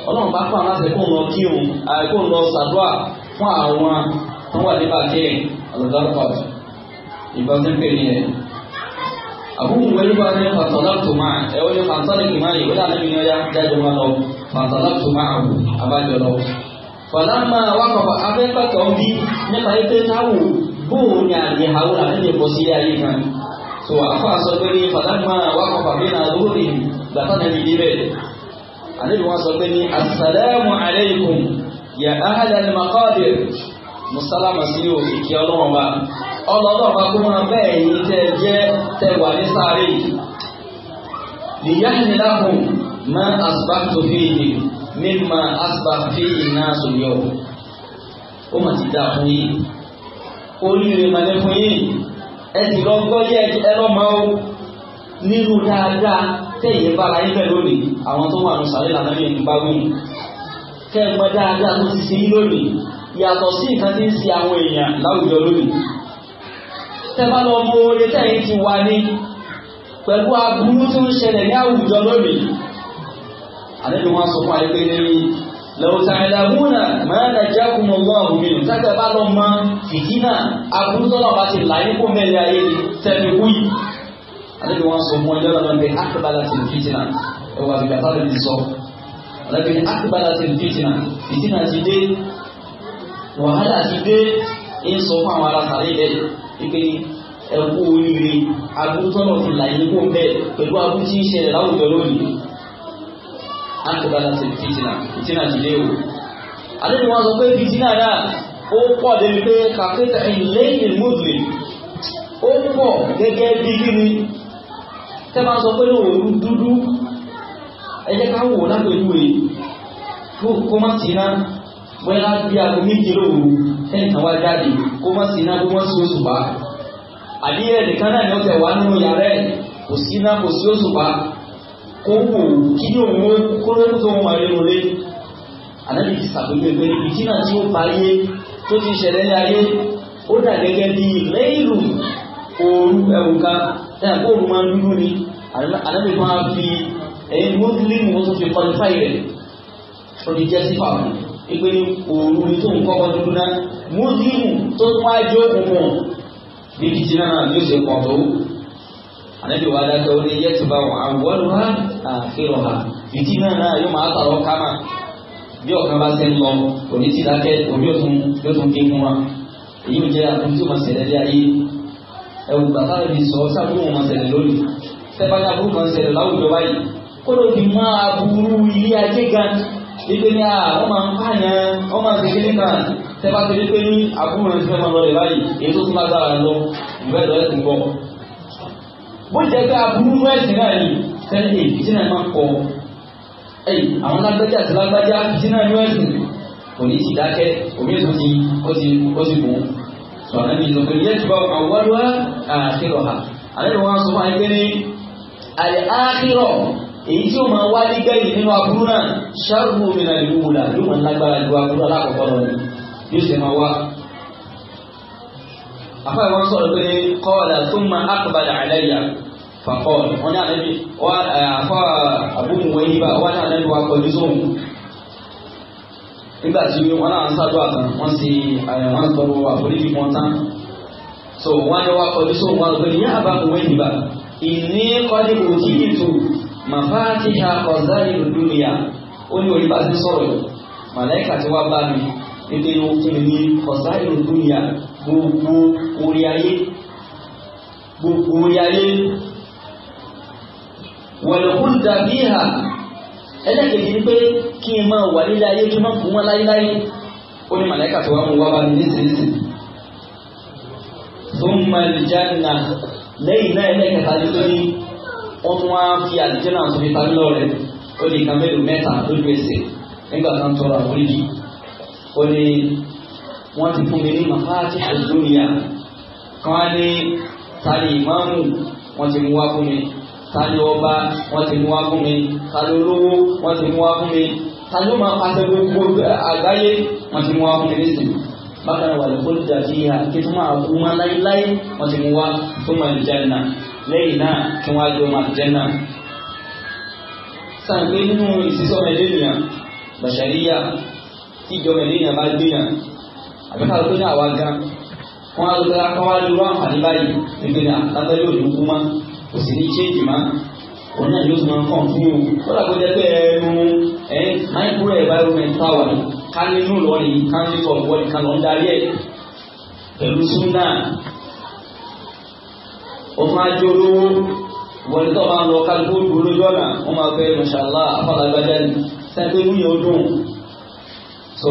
ọlọ́run bá pàmò àṣẹ kó ń lọ kí òun àìkó ń lọ ṣàdúrà fún àwọn tó wà nípa kẹrin alọ́dọ́rọ́pàdù ìbọn tó ń pè ní ẹ̀. àbúrò wẹ́lú bá ní pàtàlọ́tò máa ẹ̀ ó ní pàtàlọ́tò máa yìí ó dà níbi ní ọjà jáde wọn lọ pàtàlọ́tò máa àbájọ lọ fàlámà wákọ̀fà afẹ́kọ̀tọ̀ ń bí nípa ètò ìtawò bóun ni àgbẹ̀ àwọn àti ìbọ̀sílẹ̀ ayé kan tó àfa sọ pé ní fàlámà wàkọ̀ fàmínà lórí bàtà nàbí níbẹ̀ àníbi wọn sọ pé ní asàlámù aláìkùm yà áhàlà ní makọ́dìr mùsálàmà sí ní òkè kí ọlọ́run bá ọlọ́run bá kó máa bẹ́ẹ̀ yìí tẹ́ jẹ́ tẹ́ wà ní sáré yìí lìyáhìnláhùn ma asbáàtò fíìhì mímà asbáàtò fíìhì náà sòyọ́ ó mà ti dá fún yìí oríire mà ní fún yìí ẹ sì lọ gbọ́ yẹ ẹ lọ́ máa ń nírú dáadáa tẹ̀yìn bára yín bẹ́ẹ̀ lónìí àwọn tó wà ní sàlẹ̀ lànà yẹn ń bá wí kẹ́ ẹ mọ dáadáa tó ti ṣe yín lónìí yàtọ̀ sí nǹkan tí ń ṣe àwọn èèyàn láwùjọ lónìí tẹ́ bá lọ mọ oore tẹ̀yìn ti wà ní pẹ̀lú aburú tó ń ṣẹlẹ̀ ní àwùjọ lónìí àlejò wọn sọ fún àyè pé ní lọ́wọ́ tàìlàmúnà máa nà jákùnmọ̀ lọ́wọ́ mìíràn tẹ́tẹ̀ bá lọ máa fìdínà agbúrútọ́lọ́ bá ti láyé kó mẹ́lẹ̀ ayé tẹ́lẹ̀kú yìí alẹ́bí wọ́n sọ mọ́ ẹjọ́ lọ́nà bẹ akébálà ti fìtínà ẹwà bìbà tábìlì ti sọ alẹ́bí ní akébálà ti fìtínà fìtínà ti dé wàhálà ti dé ń sọ fún àwọn alásàlẹ̀ ilẹ̀ ìpè ẹkú oríire agbúrútọ́lọ́ ti láyé kó mẹ́ pẹ̀lú agbú àǹtọ̀bálà sí fìtínà fìtínà ti lé o àdébí wọn sọ pé fìtínà náà ó pọ̀ débi pé kàkétà ìlẹ́yìn muslim ó pọ̀ gẹ́gẹ́ bí kíni tẹ́ máa sọ pé òru dúdú ẹ jẹ́ ká wò lápẹ̀lúwe kó má sí iná bóyá bí aago méje lóru ẹnìkan wá jáde kó má sí iná bí wọ́n sí oṣù bá àbí ẹnìkan náà ni ó tẹ̀ wá nínú yàrá ẹ̀ kò sí iná kò sí oṣù bá kó wò kí ló mú kóró tó ń parí lólé ànábì ti sàpèjúwe pé ìdínà tí ó parí tó ti ṣẹlẹ̀ ní ayé ó dà gẹ́gẹ́ bí lẹ́yìnlù ooru ẹ̀wùká tẹ́lá kó ooru máa ń dúdú ni ànábì máa fi ẹ̀yìn mọ́sílímù tó fi kọlifáì rẹ̀ tó fi jẹ́ sí fàwọn ìpè ní ooru ni tó ń kọ́kọ́ dúdú náà mọ́sílímù tó tún wá jó òkùnkùn bí kìtìnnà náà yóò ṣe pọ̀ tó anabi wa dákẹ́ ó ní yẹ́ ti bá wọn àwọ̀lù ha àfihàn ha ìdí náà náà yóò máa tààrọ kámà bí ọ̀kan bá tẹ́ ń lọ òní ti dákẹ́ òní yóò tún kí fún wa èyí ò jẹ́ àtúntò tí ó máa ṣẹlẹ̀ lé ayé ẹ̀wù bàtà rẹ̀ sọ sábúrú wọn máa ṣẹlẹ̀ lórí sẹ́fàdà burú máa ṣẹlẹ̀ láwùjọ báyìí kó ló di máa burú ilé ajé gan ipe ní àwọn máa ń pààyàn wọ́n máa ń ṣe kékeré kan sẹ́fàdà pé ní àbúrò rẹ̀ ti fẹ́ máa bó jẹ́ pé aburú mú ẹ̀sìn náà ni sẹ́ni èyí jìnnà máa kọ ẹ̀yìn àwọn lágbájá àti lágbájá jìnnà ní ẹ̀sìn kò ní ti dákẹ́ omi ètò ti ó ti ó ti bù ú sọ̀rọ̀ ní ìlú pẹ̀lú yẹ́tù bá àwọ̀lúwà àkérò ha àlejò wọn sọ fún ayé ní àlẹ́ àkérò èyí tí ó máa wá ní gbẹ̀yìn nínú aburú náà ṣáàrù omi náà lè wúwo là yóò máa lágbára ju aburú alákọ̀ọ́kọ́ ni yóò sì máa afáyọ̀ wọn sọ̀rọ̀ pé kọ́ọ̀lá thumma aqbala alayya fàkọ́ọ̀lù wọn ní àlẹ́bí afọ́ àbúmùwé yíba wọn ní àlẹ́bí wa kọjú sóhun nígbà tí wọn náà ń sádùn àtàn wọn sì wọn tọrọ àforíjì wọn tán so wọn ni wọn kọjú sóhun wọn lórí yá àbámùwé yíba ìní kọ́lé òjì ìtù màfáàtì ha ọ̀záyé lùdúnìyà ó ní orí bá ti sọ̀rọ̀ màláìkà ti wá bá mi nítorí ó fún mi ní ọ̀záyé lùdúnìyà gbogbo orí ayé gbogbo orí ayé wọ̀lẹ̀kún dàbí ìhà ẹlẹ́kẹ̀ẹ́jì ni pé kí n máa wà nílé ayé kí n máa fún wọn láyéláyé ó ní màláìka tó wá mú wá bá mi nísinsìnyí tó ń ma ìjánà lẹ́yìn náà ẹlẹ́kẹ̀ẹ́ta ni pé wọ́n tún wá fi àdìjọ́nà tó fi parí lọ́rẹ̀ ó di kan mélòó mẹ́ta lójú ẹsẹ̀ nígbà kan tọrọ àforíjì ó ní wọ́n ti fún mi ní mafati al-dunya kan ní tani ìmáàmù wọ́n ti mú wá fún mi tani ọba wọ́n ti mú wá fún mi tani olówó wọ́n ti mú wá fún mi tani ó máa pàṣẹ gbogbo àgbáyé wọ́n ti mú wá fún mi nísìnyí bákan wà lóko ti dàbí ìhà kí tó máa kú wọn láéláé wọ́n ti mú wá fún mi àlùjánnà lẹ́yìn náà kí wọ́n á jọ máa àlùjánnà. sàǹgbé nínú ìsísọ́mẹ́lẹ́nìyàn bàṣàríyà tíjọ́mẹ́lẹ́nìyàn bá gbéyàn àbíká ló ní àwa gan wọn á lọ káwá ló wá àǹfààní báyìí nígbè náà lábẹ́lẹ́ òní kú mọ́ kò sì ní chéèjì mọ́ òun náà yóò máa kàn fún un kódà kó jẹ́ pé ẹnu ẹ̀ micro environment power ni ká nínú lọ́ọ̀lì ká nínú ọ̀gbọ́n ká lọ́ọ́ darí ẹ̀ pẹ̀lú súnà ọmọ ajé olówó wọlé tó máa ń lọ kálukú olójú ọ̀nà wọn máa fẹ́ mọ̀ṣálá afọlágbájá ni sẹ́gbẹ́ mú so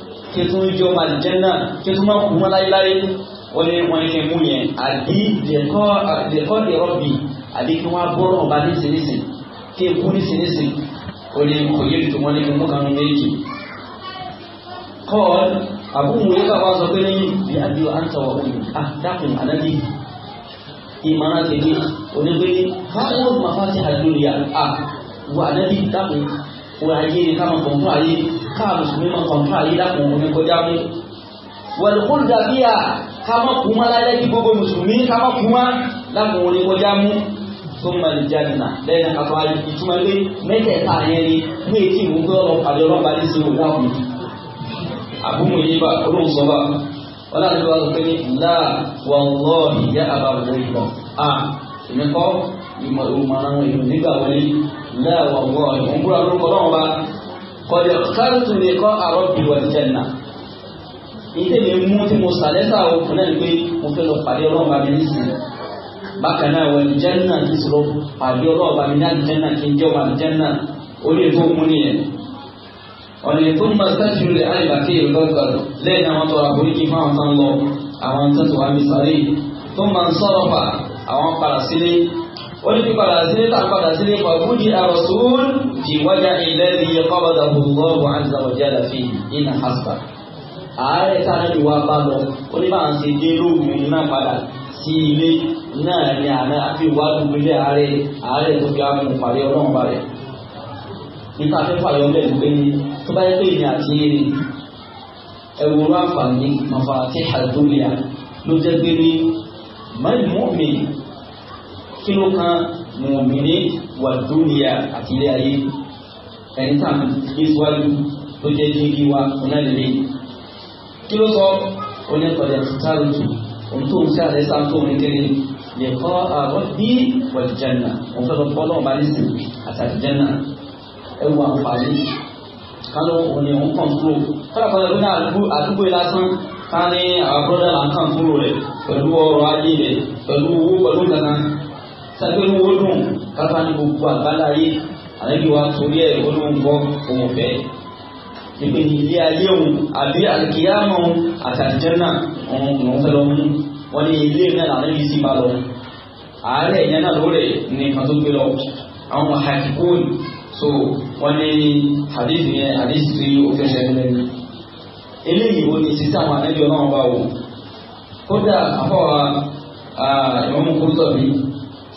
kí tún jọ màlìjẹ́nà kí tún má kú mọ́ láíláí wọ́n ní wọ́n ní kí n mú yẹn àbí dẹ̀kọ́ ẹ̀rọ bì àbí kí wọ́n á bọ́ ọ̀rọ̀ bá ní sinisi kí n kú ní sinisi wọ́n ní kò yé tó wọ́n ní kí n mú kan méjì. kọ́ọ̀d àbúrò yẹ ká wá sọ pé ní bí àbí à ń sọ wọ́n mi à dákun àdábì ìmọ̀ràn tèmi onígbé fáwọn màfá ti àdúrà à wọ àdábì dákun wọ ayé ká máa kọ̀ fún ayé káà mùsùlùmí máa kọ̀ǹtrà yìí dákun omi kọjá mú wẹ̀lùkún dàbíyà ká má kú má lálẹ́ kí gbogbo mùsùlùmí ká má kú má dákun omi kọjá mú tó máa lè jáde nà lẹ́yìn àtọ́ ìtumọ̀ ilé mẹ́tẹ̀ẹ̀ta yẹn ni mú etí ìwú pé ọ̀rọ̀ pàdé ọlọ́ba ní sinú dákun àbúmọ̀ yìí bá olóhùn sọ bá wọn láti kọ̀dọ̀ kárùtù ní kọ́ àrọ́bì wà jẹ́nà ìdè mi mú tí mo sàlẹ́sà òkú náà pé mo fẹ́ lọ pàdé ọlọ́run àmì nísìn bákan náà wọ jẹ́nà ti sọ̀rọ̀ pàdé ọlọ́run àmì náà jẹ́nà kí n jẹ́ wà jẹ́nà orí ètò mú nìyẹn ọ̀nà ètò ń bá sẹ́tù rẹ̀ wọ́n ní pípadà sílé tá a padà sílé pa búdí àrọ̀sùn fi wájà ilẹ̀ ní kọ́bọ̀dà bùrùkọ́ọ̀bù àti àwọ̀jẹ́ àlàfi iná hasba. ààrẹ táwọn ìlú wa bá lọ ó ní máa ń ṣe dé lóògùn iná padà sí ilé náà ní àná àfi ìwádùn ilé ààrẹ ààrẹ tó fi àmì ìpàdé ọlọ́run balẹ̀. nípa afẹ́fà yọ bẹ́ẹ̀ pé tó bá yẹ pé ìní àti eré ẹwùrọ̀ àǹfààní mọ̀fà àti àdúgbìyà ló jẹ́ pé kí ló kan mùmìnì wà dúnìyà àti ilé ayé ẹni tá tó jẹ́ dígí wa ọ̀nà ìlẹ̀ kí ló sọ onípàdé àtúntàlùtù ohun tó ń ṣe àlẹ́ sáà tó ń kéré lè kọ́ àwọn bí wàlìjánà òun fẹ́ lọ bọ́ lọ́wọ́ bá nísìn àtàlìjánà ẹ wọ àǹfààní kálọ̀ òun ni òun kàn kúrò kọ́lá kan lórí àdúgbò lásán ká ní àwọn bọ́dà là ń kàn kúrò rẹ̀ pẹ̀lú ọrọ̀ ajé rẹ̀ pẹ̀lú owó pẹ̀lú dandan sáré olówó dùn kápá ní gbogbo àgbálá ayé àlejò wa torí ẹ̀ olóńgbọ́ òun fẹ́ ìpè ilé ayé òun àbí àkíyàmọ̀ òun àtàjẹ́ náà òun lòún fẹ́ lọ mú wọ́n ní ilé náà làwọn ibi sì bá lọ ààrẹ ìyẹn náà lórí ní nǹkan tó gbé lọ àwọn mahakikun so wọ́n ní hadith yẹn hadith tí ó fẹsẹ̀ lẹ́nu eléyìí wo ni sísá àwọn àlejò náà bá wò kódà àfọwà ìwọ́n mú kúrútọ̀ bíi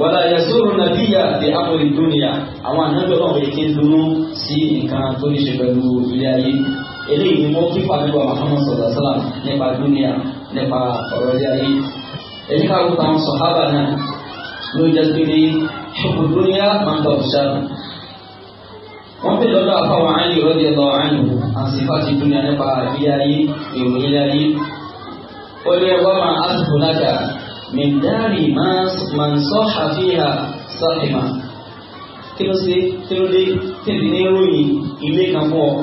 wàlá yasúrù nàbíyà di amúlì dúnìyà àwọn ànábì ọlọ́run èké dúró sí nǹkan tó ní ṣe pẹ̀lú ilé ayé eléyìí ni wọ́n kíkọ́ àdúgbò Muhammad sallallahu alaihi wasallam nípa dúnìyà nípa ọ̀rọ̀ ilé ayé èyí ká ló tàn sọ̀hábà náà ló jẹ́ pé ní ṣùkú dúnìyà máa ń tọ̀ ṣáàbù wọ́n fi lọ́dọ̀ àfáwọn àyè rọ́dí lọ àyè àsìkò àti nípa ilé ayé ìròyìn ilé ayé ó ní wọ́n máa min dari man sọ́ha fiha sọ́hìmá kí ló ṣe kí ló dé tèmi ní ròyìn ilé kan fún ọ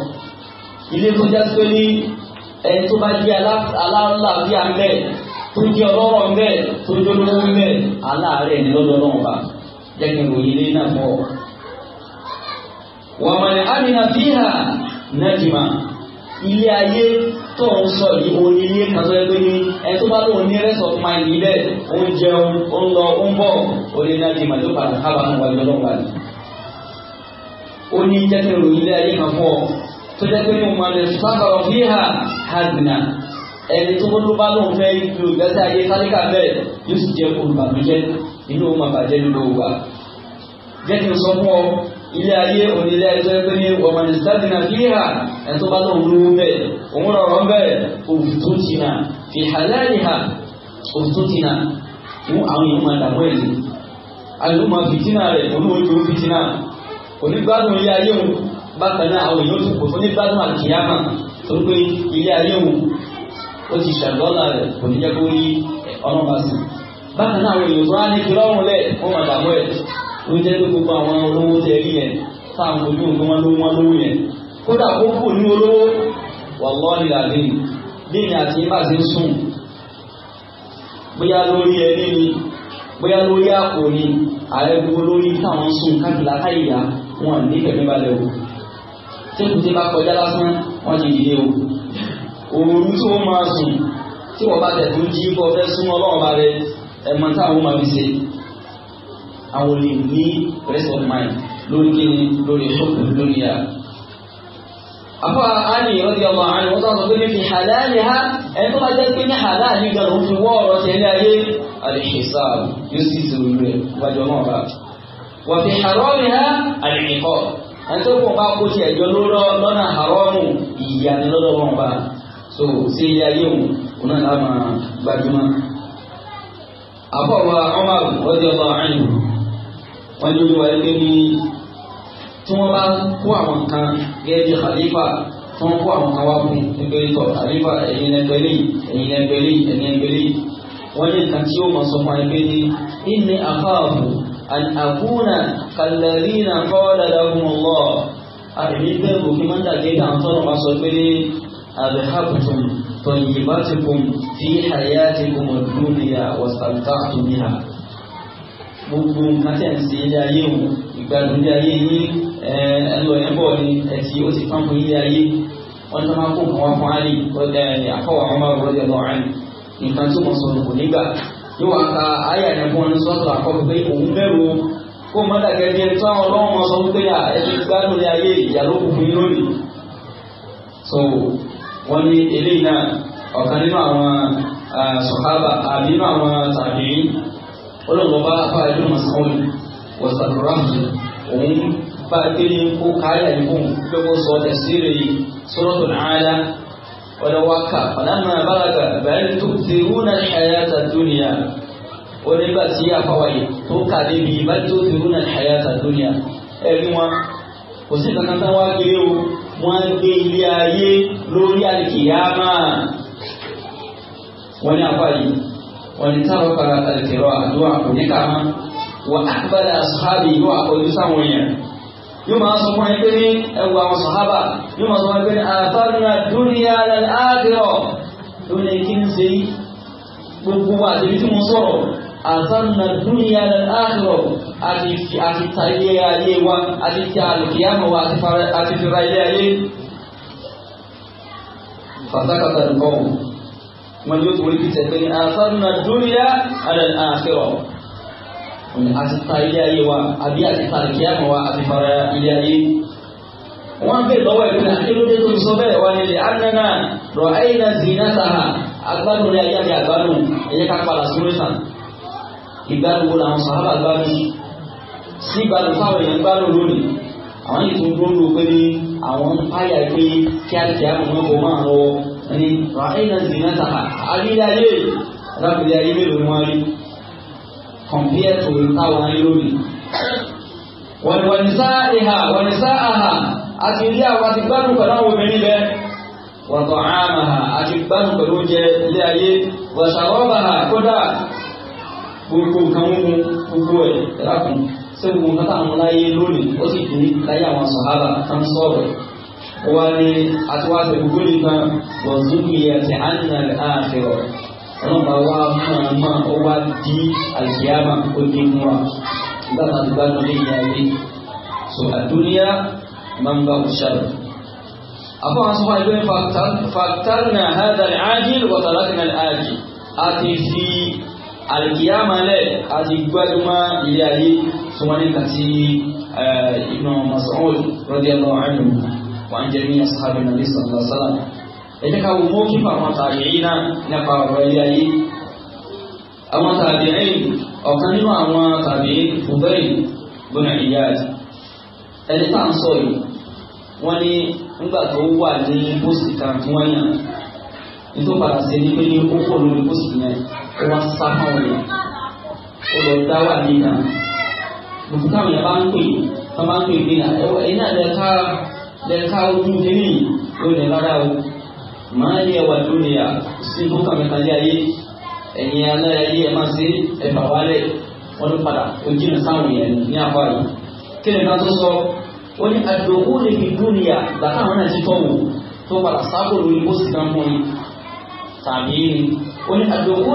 ilé tó já sí pé ní ẹni tó bá jẹ́ alálàáfíà ń bẹ tó jẹ́ ọlọ́rọ̀ ń bẹ tó jẹ́ olówó ń bẹ aláàárẹ̀ ni lọ́dọ̀ náà bá jẹ́ kí n ròyìn ilé náà fún ọ. wàmọ̀lẹ̀ amina fiha najima ilé ayé tó ń sọ yìí òun ni ilé kan tó yẹ pé ní ẹni tó bá lóun ní rest of mind yìí bẹ́ẹ̀ ó ń jẹun ó ń lọ ó ń bọ̀ ó lè ní àjẹmọ̀ tó padà kábàámọ̀ wájú ọlọ́wà ni. ó ní jẹ́kẹ́ ròyìn ilé ayé kan fún ọ tó jẹ́ pé ní mo máa lè sábàá fi hà hàdìnà ẹni tó bọ́dún bá lóun fẹ́ ju ìgbésẹ̀ ayé sáríkà bẹ́ẹ̀ yóò sì jẹ́ olùbànújẹ́ inú ó máa bàjẹ́ nínú òwà jẹ́ kí n sọ fún ọ ilé ayé onílé ayé tó yẹ pé ní ọmọ ìsìláàdì náà fi hà ẹni tó bá lóun lówó bẹ́ẹ̀ òun rọrọ bẹ́ẹ̀ òfìtótìnà fi hàlẹ́ẹ̀lì hà òfìtótìnà fún àwọn èèyàn máa dàgbọ́ ẹ̀lẹ́ àlùmọ̀ fìtínà rẹ̀ olóòjò fìtínà onígbádùn ilé ayé òun bákan náà àwọn èèyàn tó kò fún onígbádùn àkìyàmà tó pé ilé ayé òun ó ti ṣàdọ́là rẹ̀ kò ní jẹ́ kó rí ọ̀nà ló jẹ́ pé gbogbo àwọn olówó tẹ rí yẹn táwọn ojú nǹkan wọn lówó wọn lówó yẹn kódà kó kù ní olówó wàlọ́ọ̀lì làbí bí ní àti bá ti ń sùn bóyá lórí ẹni ni bóyá lórí àpò ni ààrẹ gbogbo lórí táwọn sùn káàkiri káyìyà wọn ní kẹ̀mí balẹ̀ o tẹ́kù tí bá kọjá lásán wọn ti dìde o òòrùn tí wọ́n máa sùn tí wọ́n bá tẹ̀ tó jí kọ́ fẹ́ ọlọ́run balẹ̀ ẹ̀mọ́ táwọn máa fi ṣe àwọn lè ní rest of mind lórí kíni lórí ṣọ́kùn lórí ya. afa ani rọ́dí ọmọ àni wọ́n sọ pé fi halali ha ẹni tó bá jẹ́ pé ní halali gan ló fi wọ́ ọ̀rọ̀ tẹ̀lé ayé alìṣẹ́sáà yóò sì sọ rẹ̀ wájú ọmọ ọ̀gá. wà fi harami ha alìkọ́ ẹni tó kọ̀ bá kó tiẹ̀ jọ lọ́nà haramu ìyàní lọ́dọ̀ wọn bá so sí ilé ayé òun òun wọ́n ní olúwa ẹgbẹ́ ní tí wọ́n bá kó àwọn nǹkan gẹ́gẹ́ bí khalifa tí wọ́n kó àwọn nǹkan wá fún ẹgbẹ́ tọ̀ khalifa ẹ̀yin ẹgbẹ́ lè ẹ̀yin ẹgbẹ́ lè ẹ̀yin ẹgbẹ́ lè wọ́n ní nǹkan tí ó mọ̀ sọ fún ẹgbẹ́ ní inni akhafu an akuna kalladhina qala lahum Allah àbẹ̀mí bẹ́ẹ̀ kò kí máa ń dàgé dáhùn tọ́lọ̀ bá sọ pé ní àbẹ̀hábùtùm tayyibatukum fi hayatikum ad-dunya wastanta'tum biha gbogbo mátẹ̀ǹsì ilé ayé òun ìgbàdùn ilé ayé yín ẹlò ẹ̀bọ̀ ni ẹ̀tì ó ti fáwọn ilé ayé wọ́n tó máa kó kàn wọ́n fún àlè àkọ́wà wọn máa rọ́lẹ̀ lọ àlè nǹkan tó mọ̀ sọ̀rọ̀ kò nígbà yóò wá ka ayé àyẹ̀bọ̀ ní sọ́tọ̀ àkọ́kọ́ pé òun bẹ̀rù kó mọ́ dàgẹ́ bí ẹni tó àwọn ọlọ́run sọ wípé ẹni gbádùn ilé ayé ìyá ló kù lónìí so wọ́n ní eléyìí náà ọ̀kan nínú àwọn sọ̀hábà àbí nínú ọlọ́run bá bá ẹjọ́ mọ̀sánwó wọ̀sàdúràmù òun bá gbé ní kó káyà ìbò pẹ́kọ́ sọ tẹ̀síre sọ́rọ́tò nàáyà ọlọ́wákà ọ̀nàmà bàlágà bẹ̀rẹ̀ tó ti rúnà ṣayáta dúnìyà onígbà tí àfáwáyé tó kà débi bá tó ti rúnà ṣayáta dúnìyà ẹni wọn kò sí kankan wá gbé o wọn gbé ilé ayé lórí àdìkìyàmà wọn ní àfáyé ọ̀nìtàrọ̀kà àlùkìrọ̀ àdúrà kò ní ká mọ́ wà ábàdà sàhábì yóò àkọjú sáwọn èèyàn yóò máa sọ fún ẹ pé ní ẹwà àwọn sàhábà yóò máa sọ fún ẹ pé ní àtàrà dúnìyà àdìrọ̀ ló ní kí ń ṣe gbogbo wa àti ibi mo sọ̀rọ̀ àtàrà dúnìyà àdìrọ̀ àti ta ayé wa àti ti àlùkìyàmọ̀ wa àti fara ilé ayé. fàtàkàtà nǹkan wọn yóò tó rí fi tẹ̀pẹ́ ní àfárúnà dúnìyà àdàlẹ́ àfẹ́rọ̀ wọn àti ta ilé ayé wa àbí àti bawa kíámọ̀ wa àti fara ilé ayé wọn bẹ lọ́wọ́ ìlú náà akérèdé tó ń sọ Iya wá nílé anana rọ sahabat zina Si agbádùn ní yang àti àgbádùn ẹ̀yẹ itu padà sórí sàn ìgbádùn wo làwọn sàhábà gbádùn sí ẹni ràìnà zinata àríyáyé rábìlì ayé mélòó ni wọ́n rí compare to táwọn ayé lónìí. wọ́n ní sáà ìhà wọ́n ní sáà àhà àti ilé àwọn àti gbádùn pẹ̀lú àwọn obìnrin bẹ́ẹ̀ wọ́n tọ̀ àmà àti gbádùn pẹ̀lú oúnjẹ ilé ayé wọ́n ṣàrọ́bà kódà gbogbo nǹkan mímu gbogbo ẹ̀ ẹ̀rákùn sẹ́gun nǹkan táwọn ọmọ láyé lónìí ó sì dé láyé àwọn sọ̀hábà kan sọ̀rọ̀ wọ́n ní àtiwáṣẹ gbogbo nìkan wọ́n zókè ẹ̀sẹ̀ ánìyàn àfẹ́rọ̀ ọlọ́ba wa máa máa ó wá di àlùkìyàmà ó di mú wa nígbà tó ti bá lọ ní ìyá ilé so àdúnyá máa ń bá wù ṣàlù. àbọ̀ wọn sọ fún fàtàlínà hàdà àjíl wàtàlákìnà àjíl a fi àlùkìyàmà lẹ̀ a ti ilé ayé sọmọ́nìkà sí ibn Mas'ud radiyallahu anhu. وعن جميع أصحاب النبي صلى الله عليه وسلم إذا كان موقف تابعين نقع رأيي أما تابعين أو كانوا أما تابعين فضيل بن عياد ẹni tá à ń sọ yìí wọ́n tó wà ní pósìtì kan tí wọ́n yàn nítorí padà sí ní pé ní ó kò lórí yẹn wá sá lọ dá wà ní bẹ̀rẹ̀ ká ojú kìíní ó lè rárá o máa ní ẹwà lónìyà sí tó kàmẹ́ta lé ayé ẹ̀yìn aláyàyé ẹ̀ máa ṣe ẹ̀fà wálẹ̀ ọdún padà ó jìnà sáwọn yẹn ní àpá yìí kí ni ká tó sọ ó ní àdókò lè fi lónìyà bàtà àwọn náà ti tọ́ wò tó padà sáàbò lórí bó sì dán fún yín tàbí ó ní àdókò